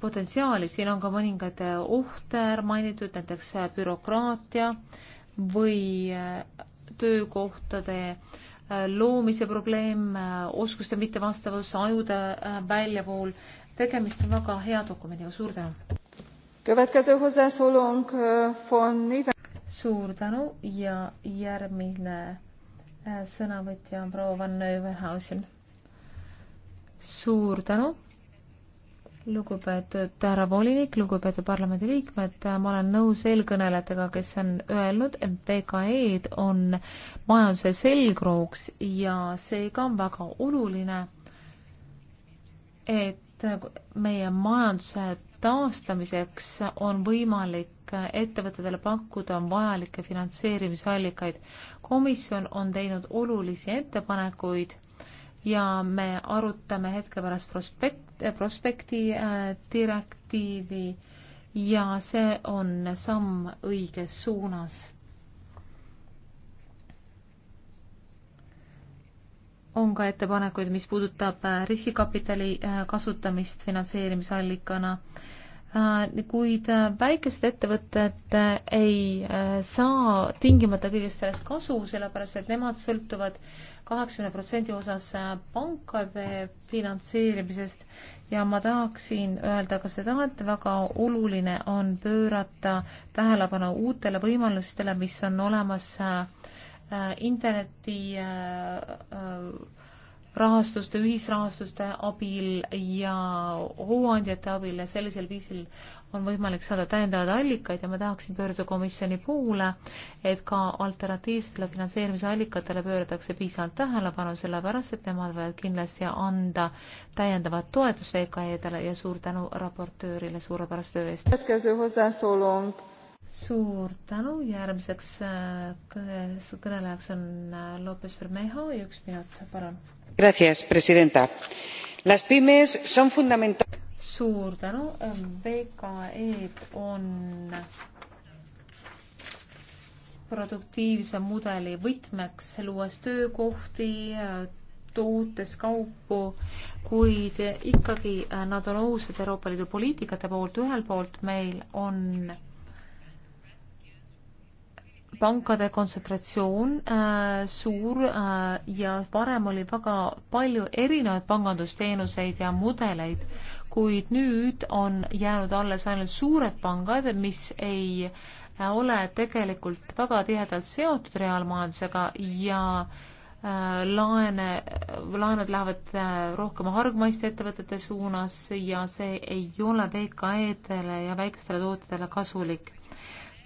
potentsiaali, siin on ka mõningaid ohte mainitud, näiteks bürokraatia või töökohtade loomise probleem, oskuste mittevastavus, ajude väljavool, tegemist on väga hea dokumendiga, suur tänu. suur tänu ja järgmine sõnavõtja on proua Van Neuwenhausen. suur tänu lugupeetud härra volinik, lugupeetud parlamendiliikmed, ma olen nõus eelkõnelejatega, kes on öelnud, et VKE-d on majanduse selgrooks ja seega on väga oluline, et et meie majanduse taastamiseks on võimalik ettevõtetele pakkuda vajalikke finantseerimisallikaid. komisjon on teinud olulisi ettepanekuid ja me arutame hetke pärast prospekt, prospekti äh, direktiivi ja see on samm õiges suunas on ka ettepanekuid, mis puudutab äh, riskikapitali äh, kasutamist finantseerimisallikana, äh, kuid väikesed ettevõtted ei saa tingimata kõigest sellest kasu, sellepärast et nemad sõltuvad kaheksakümne protsendi osas pankade finantseerimisest ja ma tahaksin öelda ka seda, et väga oluline on pöörata tähelepanu uutele võimalustele, mis on olemas äh, Äh, interneti äh, äh, rahastuste, ühisrahastuste abil ja hooandjate abil ja sellisel viisil on võimalik saada täiendavaid allikaid ja ma tahaksin pöörduda komisjoni poole, et ka alternatiivsetele finantseerimisallikatele pööratakse piisavalt tähelepanu, sellepärast et nemad võivad kindlasti anda täiendavat toetust VKE-dele ja suur tänu raportöörile suurepärase töö eest suur tänu, järgmiseks äh, kõnelejaks on äh, Lopez Bermejo ja üks minut, palun. Gracias, presidenta. Las pymes son fundamenta-. suur tänu, ähm, VKE-d on produktiivse mudeli võtmeks, luues töökohti, äh, tootest kaupu, kuid ikkagi nad on ohused Euroopa Liidu poliitikate poolt, ühelt poolt meil on pankade kontsentratsioon äh, suur äh, ja varem oli väga palju erinevaid pangandusteenuseid ja mudeleid, kuid nüüd on jäänud alles ainult suured pangad, mis ei äh, ole tegelikult väga tihedalt seotud reaalmajandusega ja äh, laene, laenud lähevad äh, rohkem hargmaiste ettevõtete suunas ja see ei ole VKE-dele ja väikestele tootjatele kasulik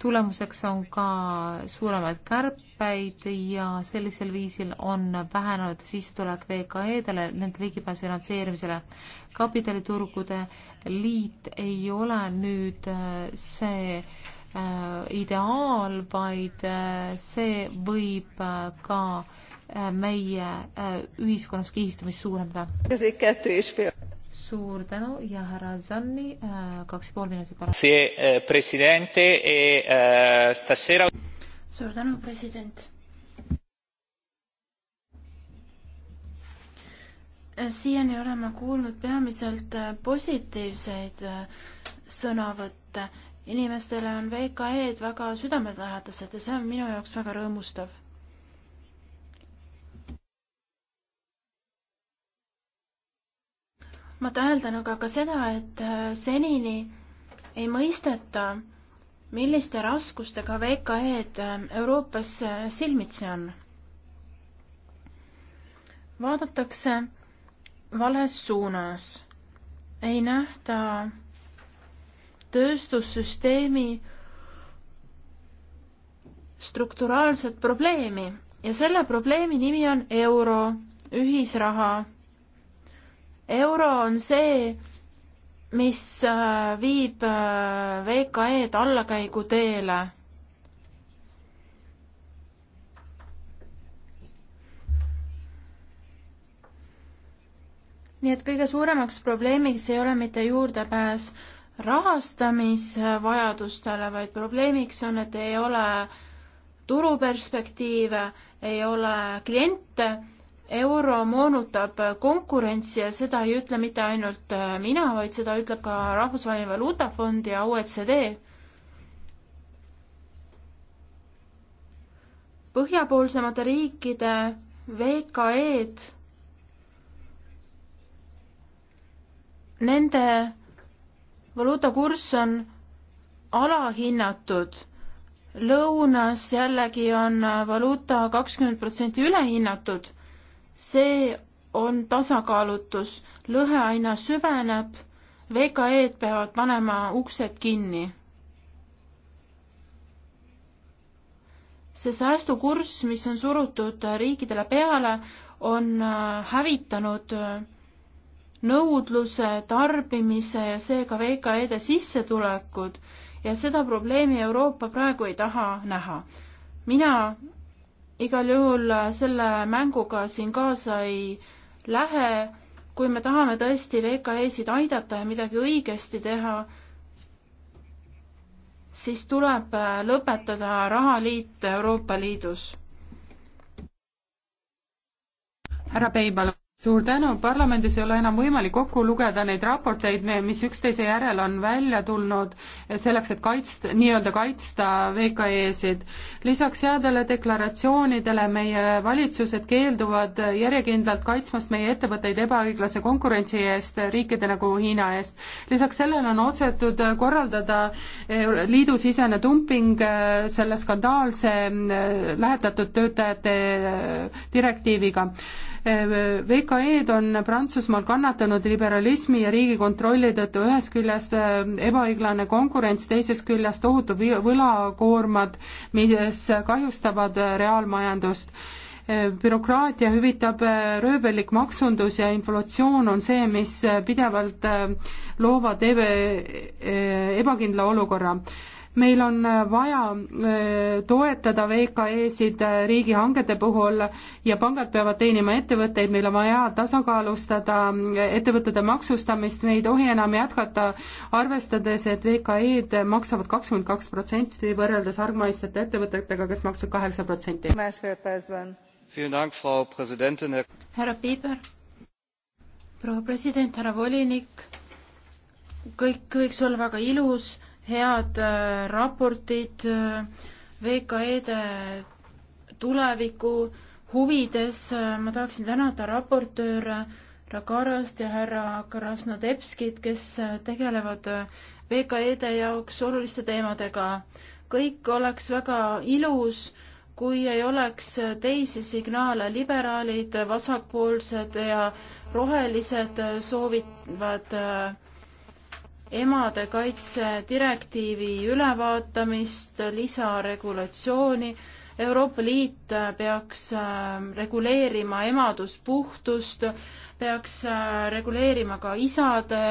tulemuseks on ka suuremaid kärpeid ja sellisel viisil on vähenenud sissetulek VKE-dele, nende ligipääs finantseerimisele. kapitaliturgude liit ei ole nüüd äh, see äh, ideaal, vaid äh, see võib äh, ka äh, meie äh, ühiskonnas kihistumist suurendada suur tänu ja härra Zanni, äh, kaks ja pool minutit palun. see äh, president e, äh, stasera. suur tänu, president. siiani olen ma kuulnud peamiselt positiivseid sõnavõtte. inimestele on VKE-d väga südamelähedased ja see on minu jaoks väga rõõmustav ma täheldan aga ka seda, et äh, senini ei mõisteta, milliste raskustega VKE-d äh, Euroopas äh, silmitsi on. vaadatakse vales suunas, ei nähta tööstussüsteemi strukturaalset probleemi ja selle probleemi nimi on euro, ühisraha euro on see, mis äh, viib äh, VKE-d allakäiguteele. nii et kõige suuremaks probleemiks ei ole mitte juurdepääs rahastamisvajadustele, vaid probleemiks on, et ei ole turuperspektiive, ei ole kliente euro moonutab konkurentsi ja seda ei ütle mitte ainult äh, mina, vaid seda ütleb ka Rahvusvaheline Valuutafond ja OECD. põhjapoolsemate riikide VKE-d, nende valuutakurss on alahinnatud lõunas jällegi on valuuta kakskümmend protsenti ülehinnatud see on tasakaalutus, lõhe aina süveneb, VKE-d peavad panema uksed kinni. see säästukurss, mis on surutud riikidele peale, on äh, hävitanud äh, nõudluse, tarbimise ja seega VKE-de sissetulekud ja seda probleemi Euroopa praegu ei taha näha. mina igal juhul äh, selle mänguga siin kaasa ei lähe. kui me tahame tõesti VKE-sid aidata ja midagi õigesti teha, siis tuleb äh, lõpetada rahaliit Euroopa Liidus. härra Peibal suur tänu, parlamendis ei ole enam võimalik kokku lugeda neid raporteid, mis üksteise järel on välja tulnud selleks, et kaitsta, nii-öelda kaitsta VKE-sid. lisaks headele deklaratsioonidele meie valitsused keelduvad järjekindlalt kaitsmast meie ettevõtteid ebaõiglase konkurentsi eest riikide nagu Hiina eest. lisaks sellele on otsetud korraldada liidusisene dumping äh, selle skandaalse äh, lähetatud töötajate äh, direktiiviga VKE-d on Prantsusmaal kannatanud liberalismi ja riigikontrolli tõttu ühest küljest äh, ebaõiglane konkurents, teisest küljest tohutu võlakoormad, mis kahjustavad äh, reaalmajandust äh, bürokraatia hüvitab röövellik maksundus ja inflatsioon on see, mis pidevalt loovad ebe, ebakindla olukorra meil on äh, vaja äh, toetada VKE-sid äh, riigihangete puhul ja pangad peavad teenima ettevõtteid, meil on vaja tasakaalustada ettevõtete maksustamist, me ei tohi enam jätkata, arvestades, et VKE-d maksavad kakskümmend kaks protsenti võrreldes argmaistete ettevõtetega, kes maksavad kaheksa protsenti. härra Piiber, proua president, härra volinik, kõik võiks olla väga ilus head äh, raportid äh, VKE-de tuleviku huvides. Äh, ma tahaksin tänada raportööre härra Karast ja härra Krasnodebskit, kes tegelevad VKE-de jaoks oluliste teemadega. kõik oleks väga ilus, kui ei oleks teisi signaale. liberaalid, vasakpoolsed ja rohelised soovivad äh, emade kaitse direktiivi ülevaatamist, lisaregulatsiooni. Euroopa Liit peaks ähm, reguleerima emaduspuhtust, peaks äh, reguleerima ka isade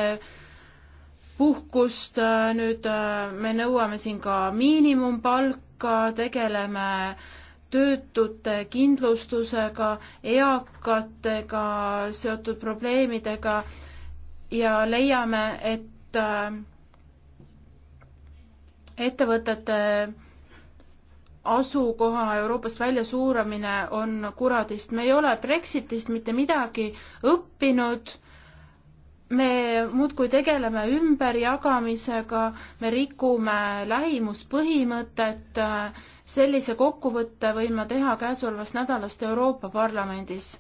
puhkust, nüüd äh, me nõuame siin ka miinimumpalka, tegeleme töötute kindlustusega, eakatega seotud probleemidega ja leiame, et et äh, ettevõtete asukoha Euroopast välja suuramine on kuradist. me ei ole Brexitist mitte midagi õppinud, me muudkui tegeleme ümberjagamisega, me rikume lähimuspõhimõtet, sellise kokkuvõtte võin ma teha käesolevast nädalast Euroopa Parlamendis.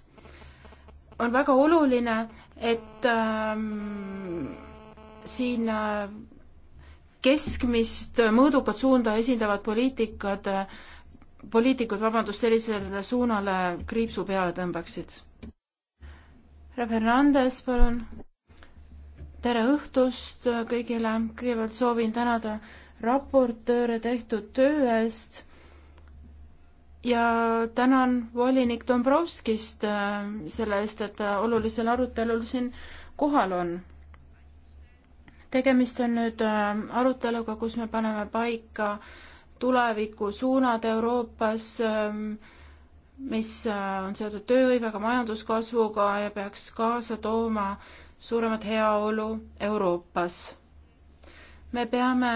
on väga oluline, et ähm, siin äh, keskmist äh, mõõdukat suunda esindavad poliitikad, äh, poliitikud, vabandust, sellisele suunale kriipsu peale tõmbaksid. härra Fernandes, palun. tere õhtust kõigile, kõigepealt soovin tänada raportööre tehtud töö eest ja tänan volinik Dombrovskist selle eest, et ta olulisel arutelul siin kohal on tegemist on nüüd äh, aruteluga, kus me paneme paika tulevikusuunad Euroopas, ähm, mis äh, on seotud tööhõivega, majanduskasvuga ja peaks kaasa tooma suuremat heaolu Euroopas. me peame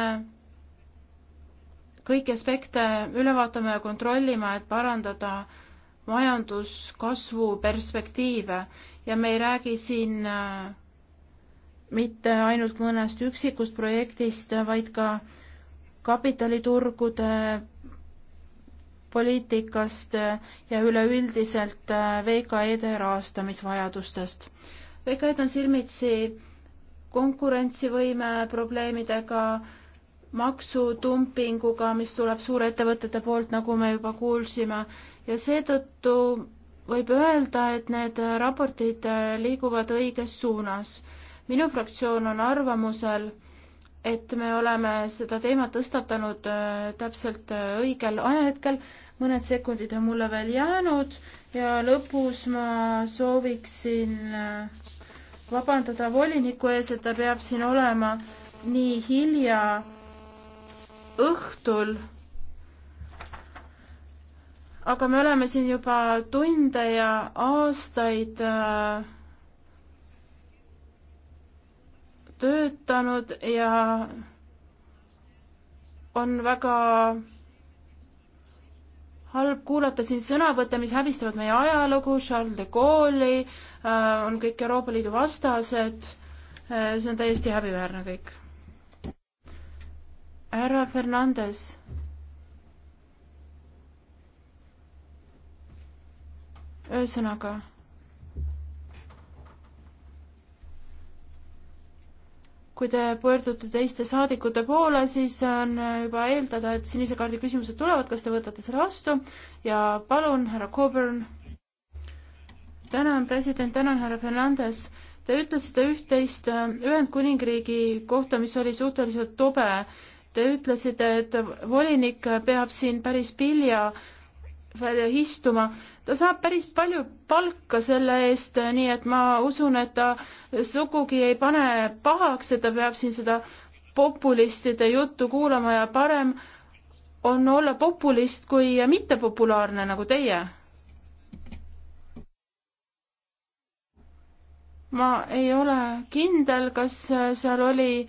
kõiki aspekte üle vaatama ja kontrollima, et parandada majanduskasvu perspektiive ja me ei räägi siin äh, mitte ainult mõnest üksikust projektist, vaid ka kapitaliturgude poliitikast ja üleüldiselt VKE-de rahastamisvajadustest. VKE-d on silmitsi konkurentsivõime probleemidega, maksutumpinguga, mis tuleb suurettevõtete poolt, nagu me juba kuulsime, ja seetõttu võib öelda, et need raportid liiguvad õiges suunas minu fraktsioon on arvamusel, et me oleme seda teemat tõstatanud äh, täpselt äh, õigel ajahetkel, mõned sekundid on mulle veel jäänud ja lõpus ma sooviksin äh, vabandada voliniku ees, et ta peab siin olema nii hilja õhtul. aga me oleme siin juba tunde ja aastaid äh, töötanud ja on väga halb kuulata siin sõnavõtte, mis häbistavad meie ajalugu, Charles de Gaulle'i, äh, on kõik Euroopa Liidu vastased, äh, see on täiesti häbiväärne kõik. härra Fernandes. ühesõnaga kui te pöördute teiste saadikute poole, siis on äh, juba eeldada, et sinise kaardi küsimused tulevad, kas te võtate selle vastu ja palun, härra Coburn. tänan, president, tänan, härra Fernandes. Te ütlesite üht-teist äh, Ühendkuningriigi kohta, mis oli suhteliselt tobe. Te ütlesite, et volinik peab siin päris pilja välja istuma ta saab päris palju palka selle eest, nii et ma usun, et ta sugugi ei pane pahaks, et ta peab siin seda populistide juttu kuulama ja parem on olla populist kui mittepopulaarne nagu teie. ma ei ole kindel, kas seal oli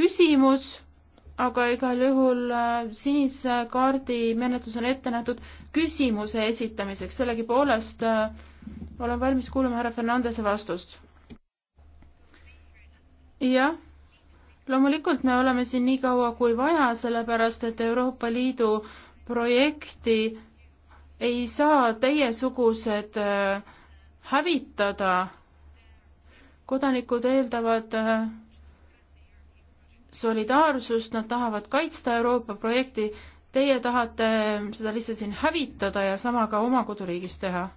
küsimus aga igal juhul äh, sinise kaardi menetlus on ette nähtud küsimuse esitamiseks, sellegipoolest äh, olen valmis kuulama härra Fernandese vastust. jah, loomulikult me oleme siin nii kaua kui vaja, sellepärast et Euroopa Liidu projekti ei saa teiesugused äh, hävitada. kodanikud eeldavad solidaarsust, nad tahavad kaitsta Euroopa projekti, teie tahate seda lihtsalt siin hävitada ja sama ka oma koduriigis teha.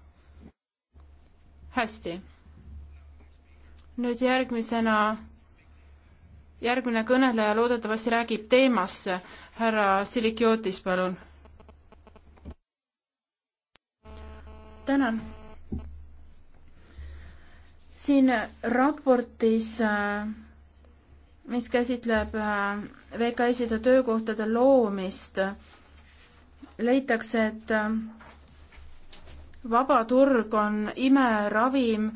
hästi. nüüd järgmisena, järgmine kõneleja loodetavasti räägib teemasse. härra Silikiotis, palun. tänan. siin raportis äh, mis käsitleb äh, VKS-ide töökohtade loomist, leitakse, et äh, vaba turg on imeravim,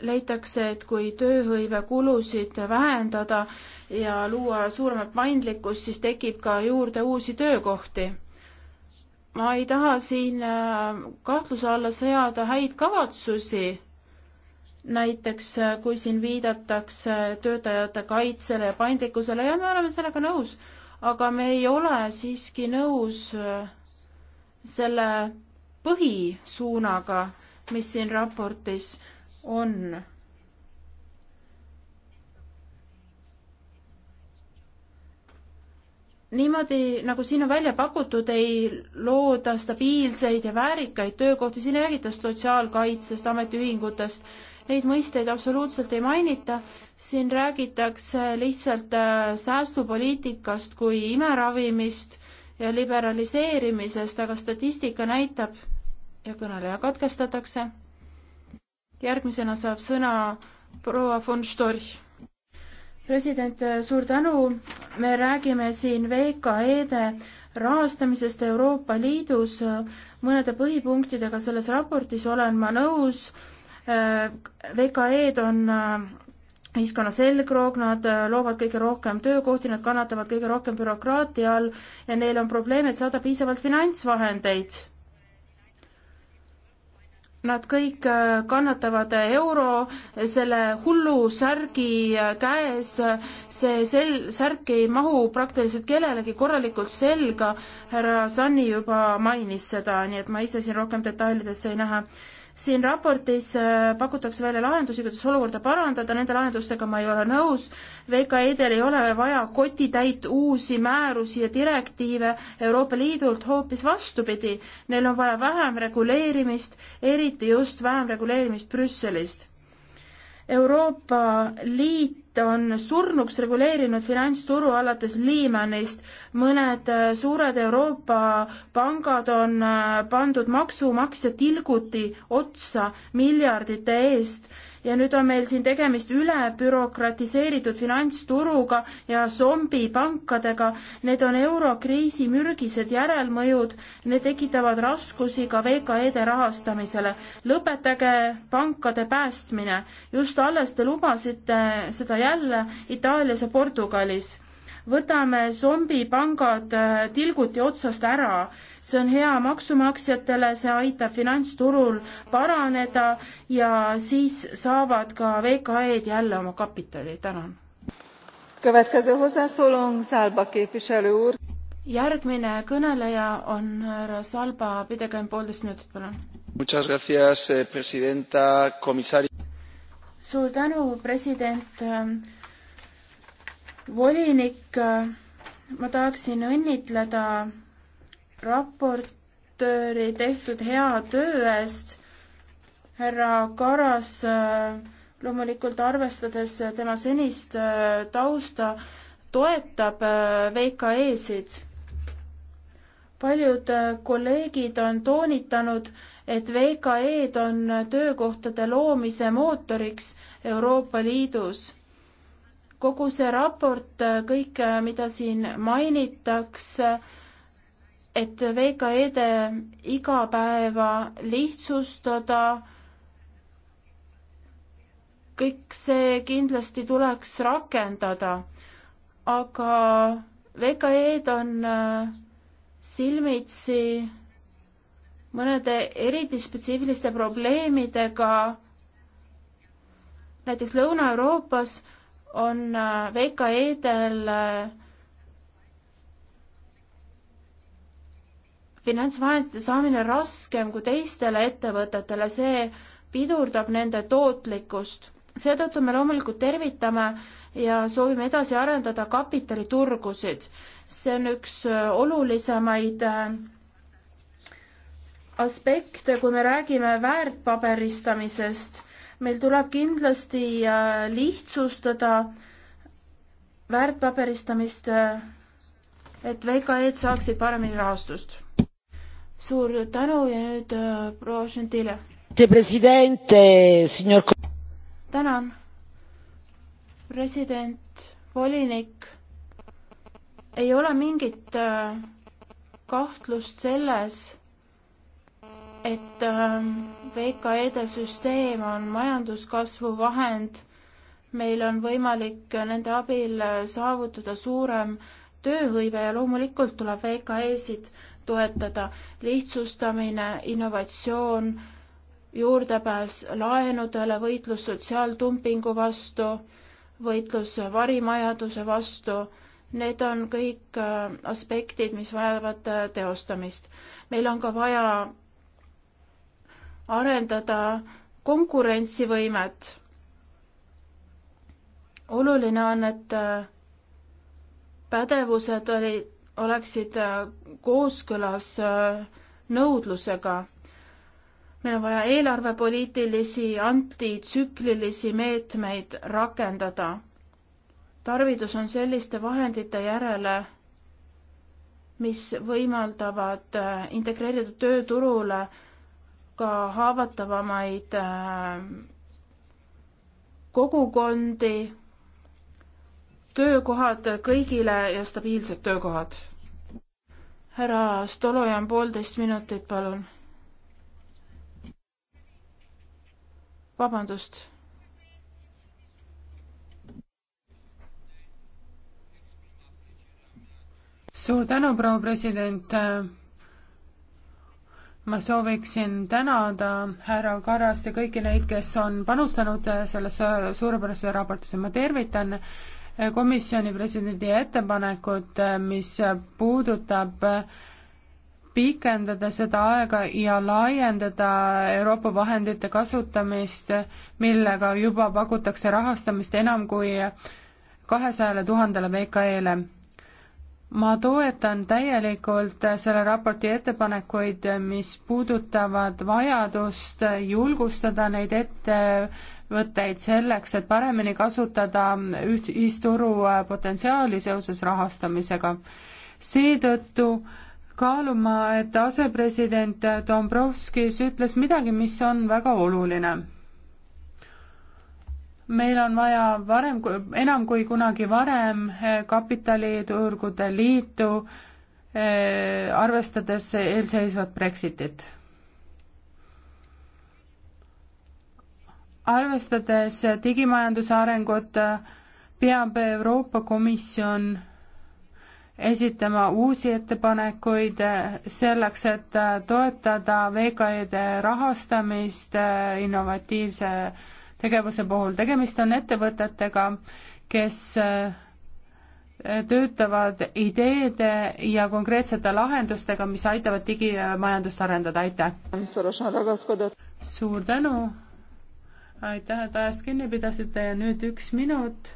leitakse, et kui tööhõivekulusid vähendada ja luua suuremat paindlikkust, siis tekib ka juurde uusi töökohti. ma ei taha siin äh, kahtluse alla seada häid kavatsusi näiteks äh, kui siin viidatakse töötajate kaitsele ja paindlikkusele ja me oleme sellega nõus, aga me ei ole siiski nõus äh, selle põhisuunaga, mis siin raportis on. niimoodi, nagu siin on välja pakutud, ei looda stabiilseid ja väärikaid töökohti, siin ei räägita sotsiaalkaitsest, ametiühingutest neid mõisteid absoluutselt ei mainita, siin räägitakse lihtsalt äh, säästupoliitikast kui imeravimist ja liberaliseerimisest, aga statistika näitab ja kõneleja katkestatakse. järgmisena saab sõna proua von Storch. president, äh, suur tänu, me räägime siin VKE-de rahastamisest Euroopa Liidus mõnede põhipunktidega selles raportis olen ma nõus VKE-d on äh, ühiskonna selgroog, nad äh, loovad kõige rohkem töökohti, nad kannatavad kõige rohkem bürokraatia all ja neil on probleeme, et saada piisavalt finantsvahendeid. Nad kõik äh, kannatavad euro selle hullu särgi käes, see sel-, särk ei mahu praktiliselt kellelegi korralikult selga, härra Sanni juba mainis seda, nii et ma ise siin rohkem detailidesse ei lähe siin raportis äh, pakutakse välja lahendusi, kuidas olukorda parandada, nende lahendustega ma ei ole nõus. VKE-del ei ole vaja kotitäit uusi määrusi ja direktiive Euroopa Liidult, hoopis vastupidi, neil on vaja vähem reguleerimist, eriti just vähem reguleerimist Brüsselist Euroopa Liit on surnuks reguleerinud finantsturu alates Lehmanist. mõned äh, suured Euroopa pangad on äh, pandud maksumaksja tilguti otsa miljardite eest ja nüüd on meil siin tegemist üle bürokratiseeritud finantsturuga ja zombipankadega. Need on eurokriisi mürgised järelmõjud, need tekitavad raskusi ka VKE-de rahastamisele. lõpetage pankade päästmine, just alles te lubasite seda jälle Itaalias ja Portugalis võtame zombipangad äh, tilguti otsast ära. see on hea maksumaksjatele, see aitab finantsturul paraneda ja siis saavad ka VKE-d jälle oma kapitali, tänan. järgmine kõneleja on härra Salba, pidage poolteist minutit, palun. Muchas gracias, eh, presidenta, comisari. suur tänu, president volinik, äh, ma tahaksin õnnitleda raportööri tehtud hea töö eest. härra Karas, äh, loomulikult arvestades tema senist äh, tausta, toetab VKE-sid. paljud kolleegid on toonitanud, et VKE-d on töökohtade loomise mootoriks Euroopa Liidus kogu see raport, kõik, mida siin mainitakse, et VKE-de igapäeva lihtsustada, kõik see kindlasti tuleks rakendada, aga VKE-d on äh, silmitsi mõnede eriti spetsiifiliste probleemidega, näiteks Lõuna-Euroopas on äh, VKE-del äh, finantsvahendite saamine raskem kui teistele ettevõtetele, see pidurdab nende tootlikkust. seetõttu me loomulikult tervitame ja soovime edasi arendada kapitaliturgusid. see on üks äh, olulisemaid aspekte, kui me räägime väärtpaberistamisest meil tuleb kindlasti äh, lihtsustada väärtpaberistamist, äh, et VKE-d saaksid paremini rahastust. suur tänu ja nüüd äh, proua Gentile. tänan, president, volinik, ei ole mingit kahtlust selles, et ähm, VKE-de süsteem on majanduskasvu vahend. meil on võimalik nende abil äh, saavutada suurem tööhõive ja loomulikult tuleb VKE-sid toetada. lihtsustamine, innovatsioon, juurdepääs laenudele, võitlus sotsiaaltumpingu vastu, võitlus varimajaduse vastu, need on kõik äh, aspektid, mis vajavad äh, teostamist. meil on ka vaja arendada konkurentsivõimet. oluline on, et äh, pädevused olid, oleksid äh, kooskõlas äh, nõudlusega. meil on vaja eelarvepoliitilisi antitsüklilisi meetmeid rakendada. tarvidus on selliste vahendite järele, mis võimaldavad integreerida tööturule ka haavatavamaid äh, kogukondi, töökohad kõigile ja stabiilsed töökohad. härra Stolojan, poolteist minutit, palun. vabandust suur tänu, proua president ma sooviksin tänada härra Karast ja kõiki neid, kes on panustanud sellesse suurepärasesse raportisse, ma tervitan komisjoni presidendi ettepanekut, mis puudutab pikendada seda aega ja laiendada Euroopa vahendite kasutamist, millega juba pakutakse rahastamist enam kui kahesajale tuhandele VKE-le ma toetan täielikult selle raporti ettepanekuid, mis puudutavad vajadust julgustada neid ettevõtteid selleks, et paremini kasutada üht-, ühisturu potentsiaali seoses rahastamisega. seetõttu kaaluma, et asepresident Dombrovskis ütles midagi, mis on väga oluline meil on vaja varem, enam kui kunagi varem eh, kapitaliturgude liitu, eh, arvestades eelseisvat Brexitit. arvestades digimajanduse arengut, peab Euroopa Komisjon esitama uusi ettepanekuid selleks, et toetada VKE-de rahastamist eh, innovatiivse tegevuse puhul. tegemist on ettevõtetega, kes äh, töötavad ideede ja konkreetsete lahendustega, mis aitavad digimajandust arendada, aitäh! suur tänu, aitäh, et ajast kinni pidasite ja nüüd üks minut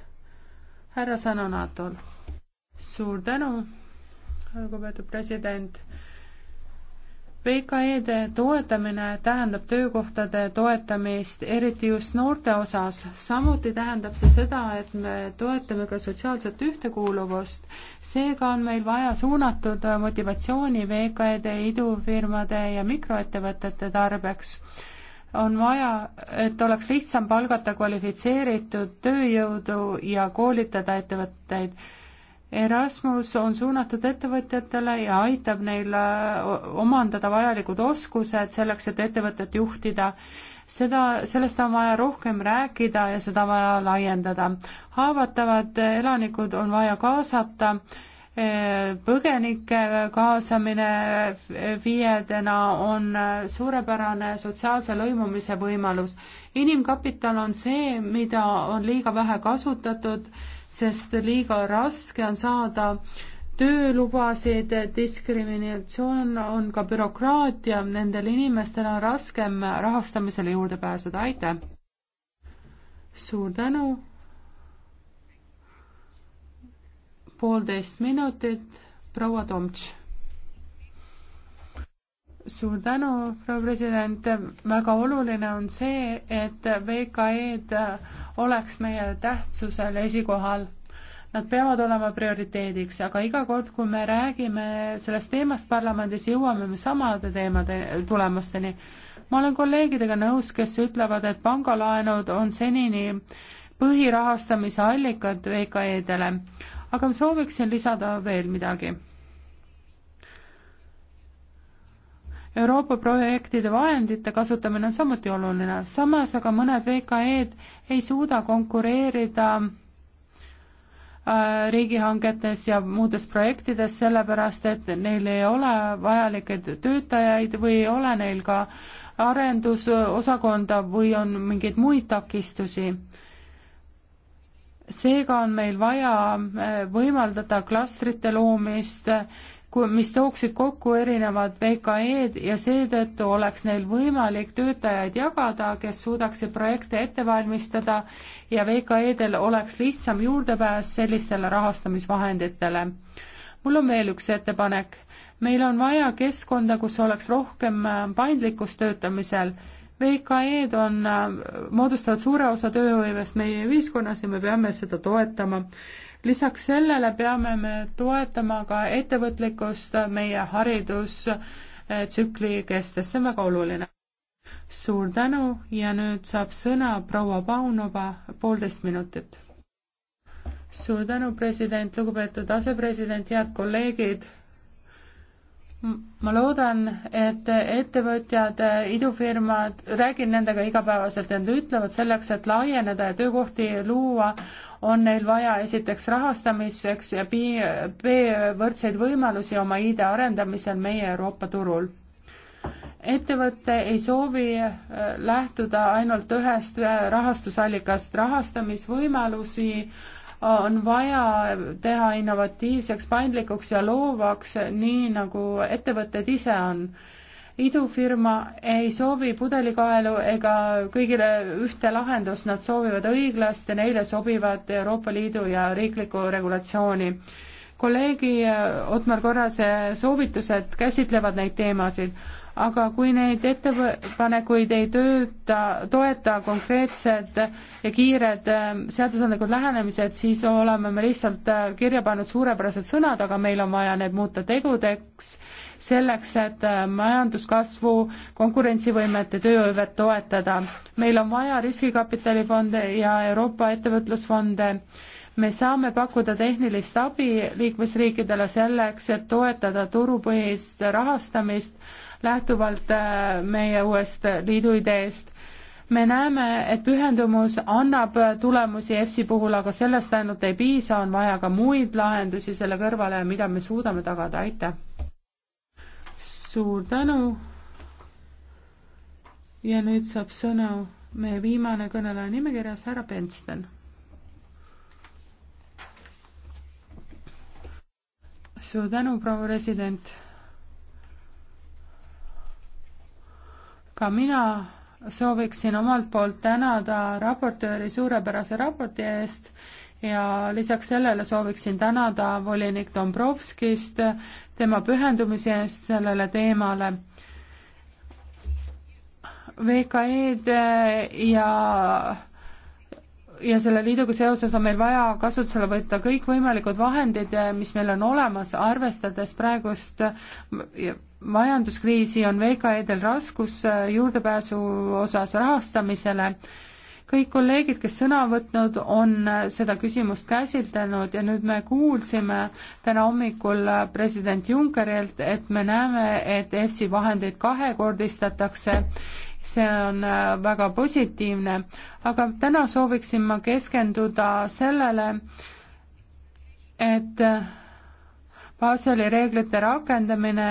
härra Sanonatol. suur tänu, lugupeetud president VKE-de toetamine tähendab töökohtade toetamist, eriti just noorte osas. samuti tähendab see seda, et me toetame ka sotsiaalset ühtekuuluvust. seega on meil vaja suunatud motivatsiooni VKE-de, idufirmade ja mikroettevõtete tarbeks. on vaja, et oleks lihtsam palgata kvalifitseeritud tööjõudu ja koolitada ettevõtteid Erasmus on suunatud ettevõtjatele ja aitab neil äh, omandada vajalikud oskused selleks, et ettevõtet juhtida. seda, sellest on vaja rohkem rääkida ja seda on vaja laiendada. haavatavad elanikud on vaja kaasata, äh, põgenike kaasamine FIE-dena on äh, suurepärane sotsiaalse lõimumise võimalus. inimkapital on see, mida on liiga vähe kasutatud sest liiga raske on saada töölubasid, diskriminatsioon on ka bürokraatia, nendel inimestel on raskem rahastamisele juurde pääseda, aitäh! suur tänu! poolteist minutit, proua Tomtš. suur tänu, proua president, väga oluline on see, et VKE-d oleks meie tähtsusel esikohal. Nad peavad olema prioriteediks, aga iga kord, kui me räägime sellest teemast parlamendis, jõuame me samade teemade tulemusteni. ma olen kolleegidega nõus, kes ütlevad, et pangalaenud on senini põhirahastamise allikad VKE-dele, aga ma sooviksin lisada veel midagi Euroopa projektide vahendite kasutamine on samuti oluline, samas aga mõned VKE-d ei suuda konkureerida äh, riigihangetes ja muudes projektides, sellepärast et neil ei ole vajalikke töötajaid või ei ole neil ka arendusosakonda või on mingeid muid takistusi. seega on meil vaja äh, võimaldada klastrite loomist mis tooksid kokku erinevad VKE-d ja seetõttu oleks neil võimalik töötajaid jagada, kes suudaksid projekte ette valmistada ja VKE-del oleks lihtsam juurdepääs sellistele rahastamisvahenditele. mul on veel üks ettepanek. meil on vaja keskkonda, kus oleks rohkem äh, paindlikkust töötamisel. VKE-d on, äh, moodustavad suure osa tööhõivest meie ühiskonnas ja me peame seda toetama lisaks sellele peame me toetama ka ettevõtlikkust meie haridustsükli kestes, see on väga oluline. suur tänu ja nüüd saab sõna proua Paunova, poolteist minutit. suur tänu, president, lugupeetud asepresident, head kolleegid ma loodan, et ettevõtjad, idufirmad, räägin nendega igapäevaselt, nad ütlevad selleks, et laieneda ja töökohti luua, on neil vaja esiteks rahastamiseks ja B, B võrdseid võimalusi oma ID arendamisel meie Euroopa turul. ettevõte ei soovi äh, lähtuda ainult ühest äh, rahastusallikast, rahastamisvõimalusi äh, on vaja teha innovatiivseks, paindlikuks ja loovaks, nii nagu ettevõtted ise on. idufirma ei soovi pudelikaelu ega kõigile ühte lahendust, nad soovivad õiglast ja neile sobivat Euroopa Liidu ja riiklikku regulatsiooni kolleegi Otmar Korrase soovitused käsitlevad neid teemasid, aga kui neid ettepanekuid ei tööta, toeta konkreetsed ja kiired ähm, seadusandlikud lähenemised, siis oleme me lihtsalt äh, kirja pannud suurepärased sõnad, aga meil on vaja need muuta tegudeks, selleks, et äh, majanduskasvu, konkurentsivõimet ja tööhõivet toetada. meil on vaja riskikapitalifonde ja Euroopa ettevõtlusfonde me saame pakkuda tehnilist abi liikmesriikidele selleks, et toetada turupõhist rahastamist, lähtuvalt äh, meie uuest liidu ideest. me näeme, et pühendumus annab tulemusi EFSi puhul, aga sellest ainult ei piisa, on vaja ka muid lahendusi selle kõrvale, mida me suudame tagada, aitäh! suur tänu! ja nüüd saab sõna meie viimane kõneleja nimekirjas, härra Benston. suur tänu, proua president ka mina sooviksin omalt poolt tänada raportööri suurepärase raporti eest ja lisaks sellele sooviksin tänada volinik Dombrovskist tema pühendumise eest sellele teemale. VKE-d ja ja selle liiduga seoses on meil vaja kasutusele võtta kõikvõimalikud vahendid, mis meil on olemas, arvestades praegust majanduskriisi on VKE-del raskus äh, juurdepääsu osas rahastamisele. kõik kolleegid, kes sõna võtnud, on äh, seda küsimust käsitlenud ja nüüd me kuulsime täna hommikul äh, president Junckerilt, et me näeme, et EFSI vahendeid kahekordistatakse see on väga positiivne, aga täna sooviksin ma keskenduda sellele, et Baseli reeglite rakendamine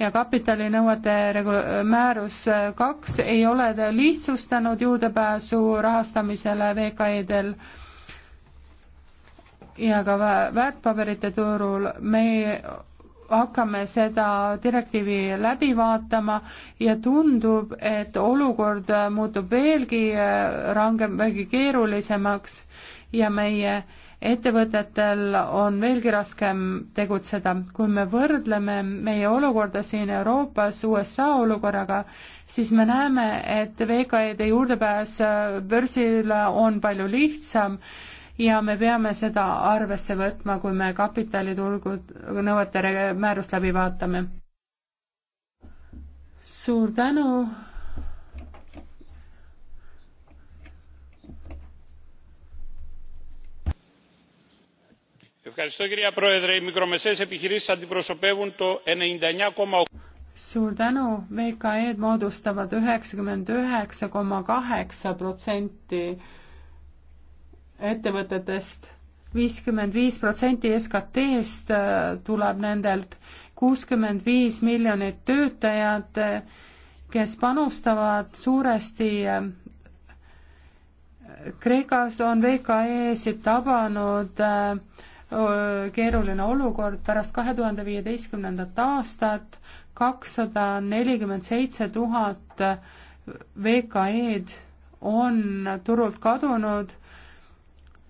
ja kapitalinõuete regu-, määrus kaks ei ole lihtsustanud juurdepääsu rahastamisele VKE-del ja ka väärtpaberite turul me hakkame seda direktiivi läbi vaatama ja tundub, et olukord muutub veelgi äh, rangem, veelgi keerulisemaks ja meie ettevõtetel on veelgi raskem tegutseda. kui me võrdleme meie olukorda siin Euroopas USA olukorraga, siis me näeme, et VKE-de juurdepääs äh, börsile on palju lihtsam ja me peame seda arvesse võtma, kui me kapitaliturgud, nõuete määrust läbi vaatame. suur tänu. Ευχαριστώ κυρία Πρόεδρε. Οι μικρομεσαίες επιχειρήσεις αντιπροσωπεύουν το 99,8 suur tänu, VKE-d moodustavad üheksakümmend üheksa koma kaheksa protsenti ettevõtetest, viiskümmend viis protsenti SKT-st äh, tuleb nendelt, kuuskümmend viis miljonit töötajat, äh, kes panustavad suuresti äh, Kreekas on VKE-sid tabanud keeruline olukord pärast kahe tuhande viieteistkümnendat aastat, kakssada nelikümmend seitse tuhat VKE-d on turult kadunud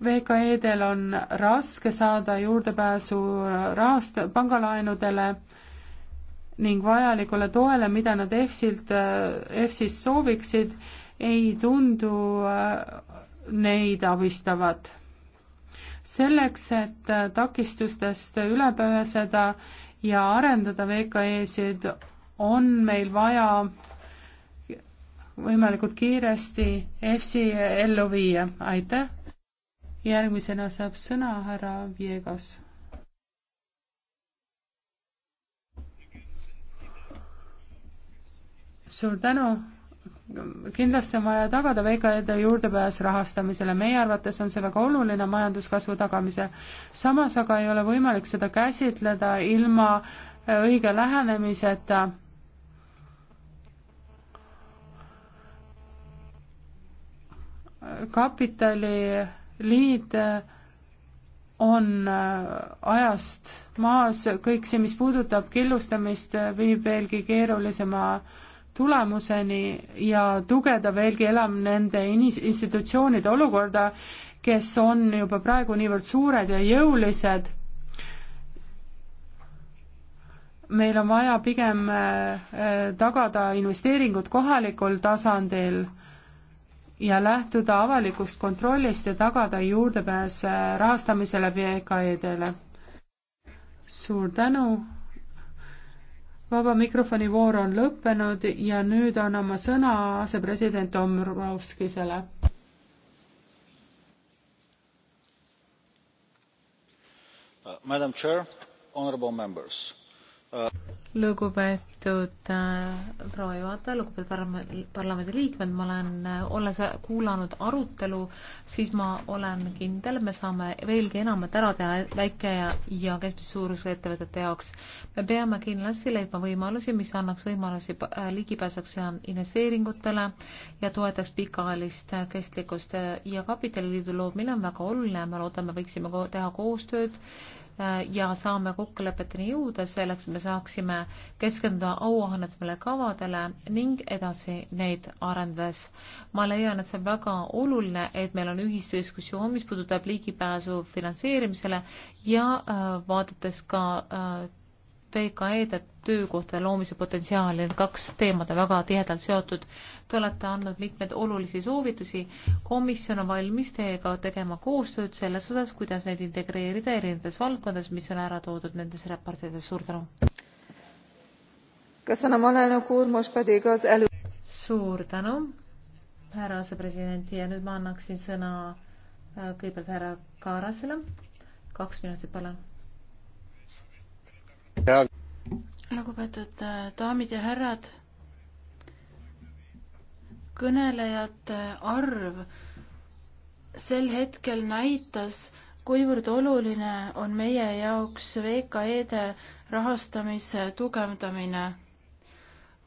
VKE-del on raske saada juurdepääsu rahast-, pangalaenudele ning vajalikule toele, mida nad EFSilt, EFSist sooviksid, ei tundu äh, neid abistavat. selleks, et äh, takistustest üle pääseda ja arendada VKE-sid, on meil vaja võimalikult kiiresti EFSi ellu viia, aitäh! järgmisena saab sõna härra Viegas. suur tänu kindlasti on vaja tagada VKE-de juurdepääs rahastamisele, meie arvates on see väga oluline majanduskasvu tagamisel. samas aga ei ole võimalik seda käsitleda ilma äh, õige lähenemiseta. kapitali liid äh, on äh, ajast maas, kõik see, mis puudutab killustamist, äh, viib veelgi keerulisema tulemuseni ja tugevda veelgi enam nende institutsioonide olukorda, kes on juba praegu niivõrd suured ja jõulised. meil on vaja pigem tagada investeeringud kohalikul tasandil ja lähtuda avalikust kontrollist ja tagada juurdepääs äh, rahastamisele VKE-dele. suur tänu. vaba mikrofoni voor on lõppenud ja nüüd anname sõna asepresident Dombrovskisele. Uh, Madam Chair, honorable members lugupeetud äh, proua juhataja, lugupeetud parlamendiliikmed, ma olen, äh, olles kuulanud arutelu, siis ma olen kindel, me saame veelgi enamat ära teha väike ja, ja keskmise suurusega ettevõtete jaoks. me peame kindlasti leidma võimalusi, mis annaks võimalusi äh, ligipääsuks investeeringutele ja toetaks pikaajalist kestlikkust ja kapitaliliidu loomine on väga oluline, me loodame, võiksime teha koostööd Äh, ja saame kokkulepeteni jõuda, selleks me saaksime keskenduda auahnetele kavadele ning edasi neid arendades. ma leian, et see on väga oluline, et meil on ühisdiskussioon, mis puudutab ligipääsu finantseerimisele ja äh, vaadates ka äh, VKE-de töökohtade loomise potentsiaali, need kaks teemat on väga tihedalt seotud. Te olete andnud mitmeid olulisi soovitusi, komisjon on valmis teiega tegema koostööd selles osas, kuidas neid integreerida erinevates valdkondades, mis on ära toodud nendes raportides, suur tänu! suur tänu, härra asepresident ja nüüd ma annaksin sõna äh, kõigepealt härra Kaarasele, kaks minutit, palun lugupeetud äh, daamid ja härrad, kõnelejate arv sel hetkel näitas, kuivõrd oluline on meie jaoks VKE-de rahastamise tugevdamine.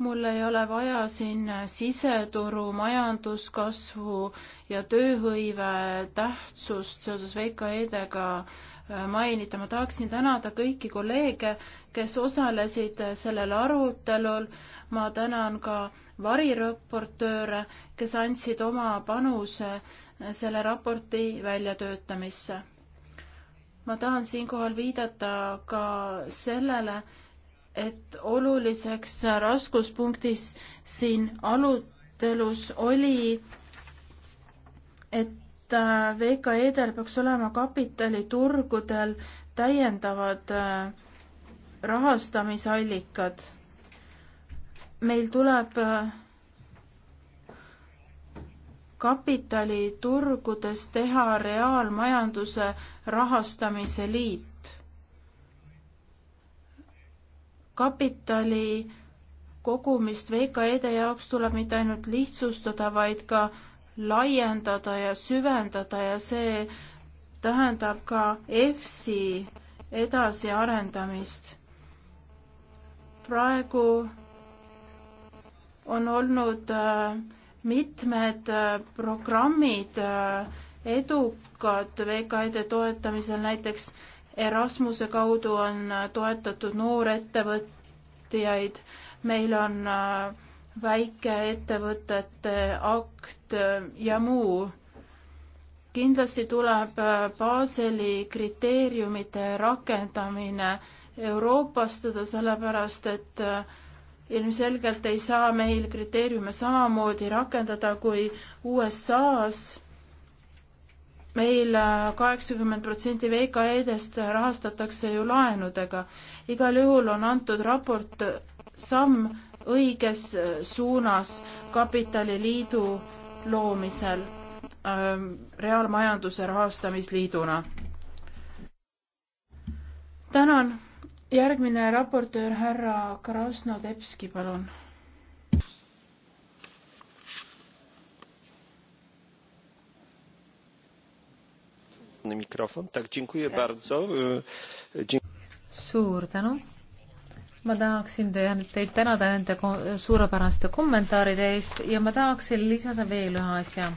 mul ei ole vaja siin siseturu, majanduskasvu ja tööhõive tähtsust seoses VKE-dega äh, mainida. ma tahaksin tänada kõiki kolleege, kes osalesid sellel arutelul. ma tänan ka variraportööre, kes andsid oma panuse selle raporti väljatöötamisse. ma tahan siinkohal viidata ka sellele, et oluliseks raskuspunktis siin arutelus oli, et et äh, VKE-del peaks olema kapitaliturgudel täiendavad äh, rahastamisallikad. meil tuleb äh, kapitaliturgudes teha reaalmajanduse rahastamise liit. kapitali kogumist VKE-de jaoks tuleb mitte ainult lihtsustada, vaid ka laiendada ja süvendada ja see tähendab ka EFSi edasiarendamist. praegu on olnud äh, mitmed äh, programmid äh, edukad VKD toetamisel, näiteks Erasmuse kaudu on toetatud noorettevõtjaid, meil on äh, väikeettevõtete akt äh, ja muu. kindlasti tuleb äh, Baseli kriteeriumite rakendamine Euroopastada, sellepärast et äh, ilmselgelt ei saa meil kriteeriume samamoodi rakendada kui USA-s meil. meil kaheksakümmend protsenti VKE-dest rahastatakse ju laenudega. igal juhul on antud raport samm õiges äh, suunas kapitaliliidu loomisel ähm, reaalmajanduse rahastamisliiduna. tänan, järgmine raportöör härra Krasnodebski, palun mikrofon. Tak, dziękuję bardzo. Suur tänu ma tahaksin teid tänada nende suurepäraste kommentaaride eest ja ma tahaksin lisada veel ühe asja,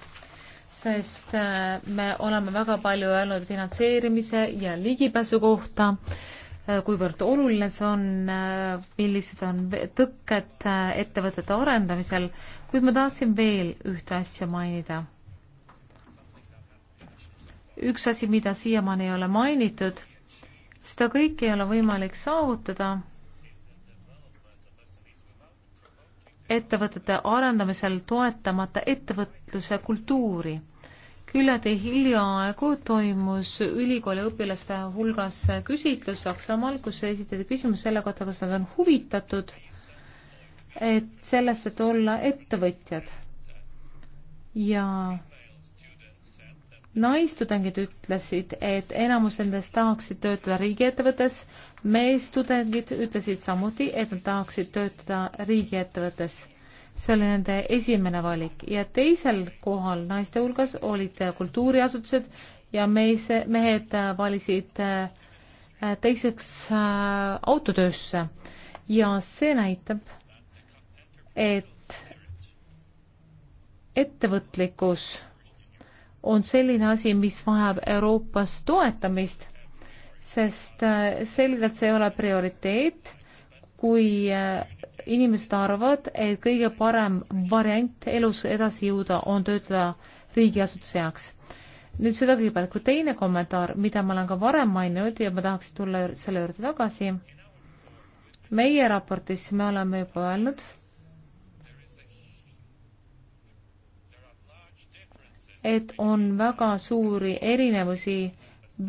sest äh, me oleme väga palju öelnud finantseerimise ja ligipääsu kohta, äh, kuivõrd oluline see on, äh, millised on tõkked ettevõtete arendamisel, kuid ma tahtsin veel ühte asja mainida. üks asi, mida siiamaani ei ole mainitud, seda kõike ei ole võimalik saavutada ettevõtete arendamisel toetamata ettevõtluse kultuuri. küllaltki hiljaaegu toimus ülikooli õpilaste hulgas küsitlus Saksamaal, kus esitati küsimus selle kohta, kas nad on huvitatud et sellest, et olla ettevõtjad. ja naistudengid ütlesid, et enamus nendest tahaksid töötada riigiettevõttes, meestudengid ütlesid samuti, et nad tahaksid töötada riigiettevõttes. see oli nende esimene valik ja teisel kohal naiste hulgas olid kultuuriasutused ja mees, mehed valisid äh, teiseks äh, autotöösse ja see näitab, et ettevõtlikkus on selline asi, mis vajab Euroopas toetamist, sest äh, selgelt see ei ole prioriteet, kui äh, inimesed arvavad, et kõige parem variant elus edasi jõuda on töötada riigiasutuse heaks. nüüd seda kõigepealt, kui teine kommentaar, mida ma olen ka varem maininud ja ma tahaksin tulla selle juurde tagasi, meie raportis me oleme juba öelnud, et on väga suuri erinevusi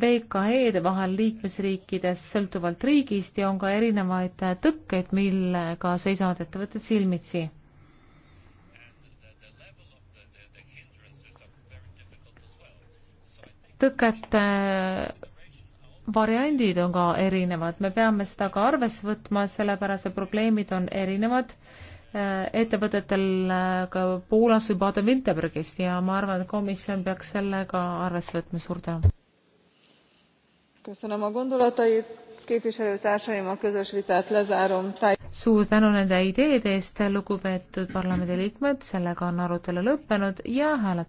VKE-de vahel liikmesriikides sõltuvalt riigist ja on ka erinevaid tõkkeid, millega seisavad ettevõtted silmitsi. tõkete variandid on ka erinevad, me peame seda ka arvesse võtma, sellepärast et probleemid on erinevad ettevõtetel äh, ka Poolas või Baden-Württembergis ja ma arvan, et komisjon peaks selle ka arvesse võtma, suur tänu. suur tänu nende ideede eest, lugupeetud parlamendiliikmed, sellega on arutelu lõppenud ja hääletus.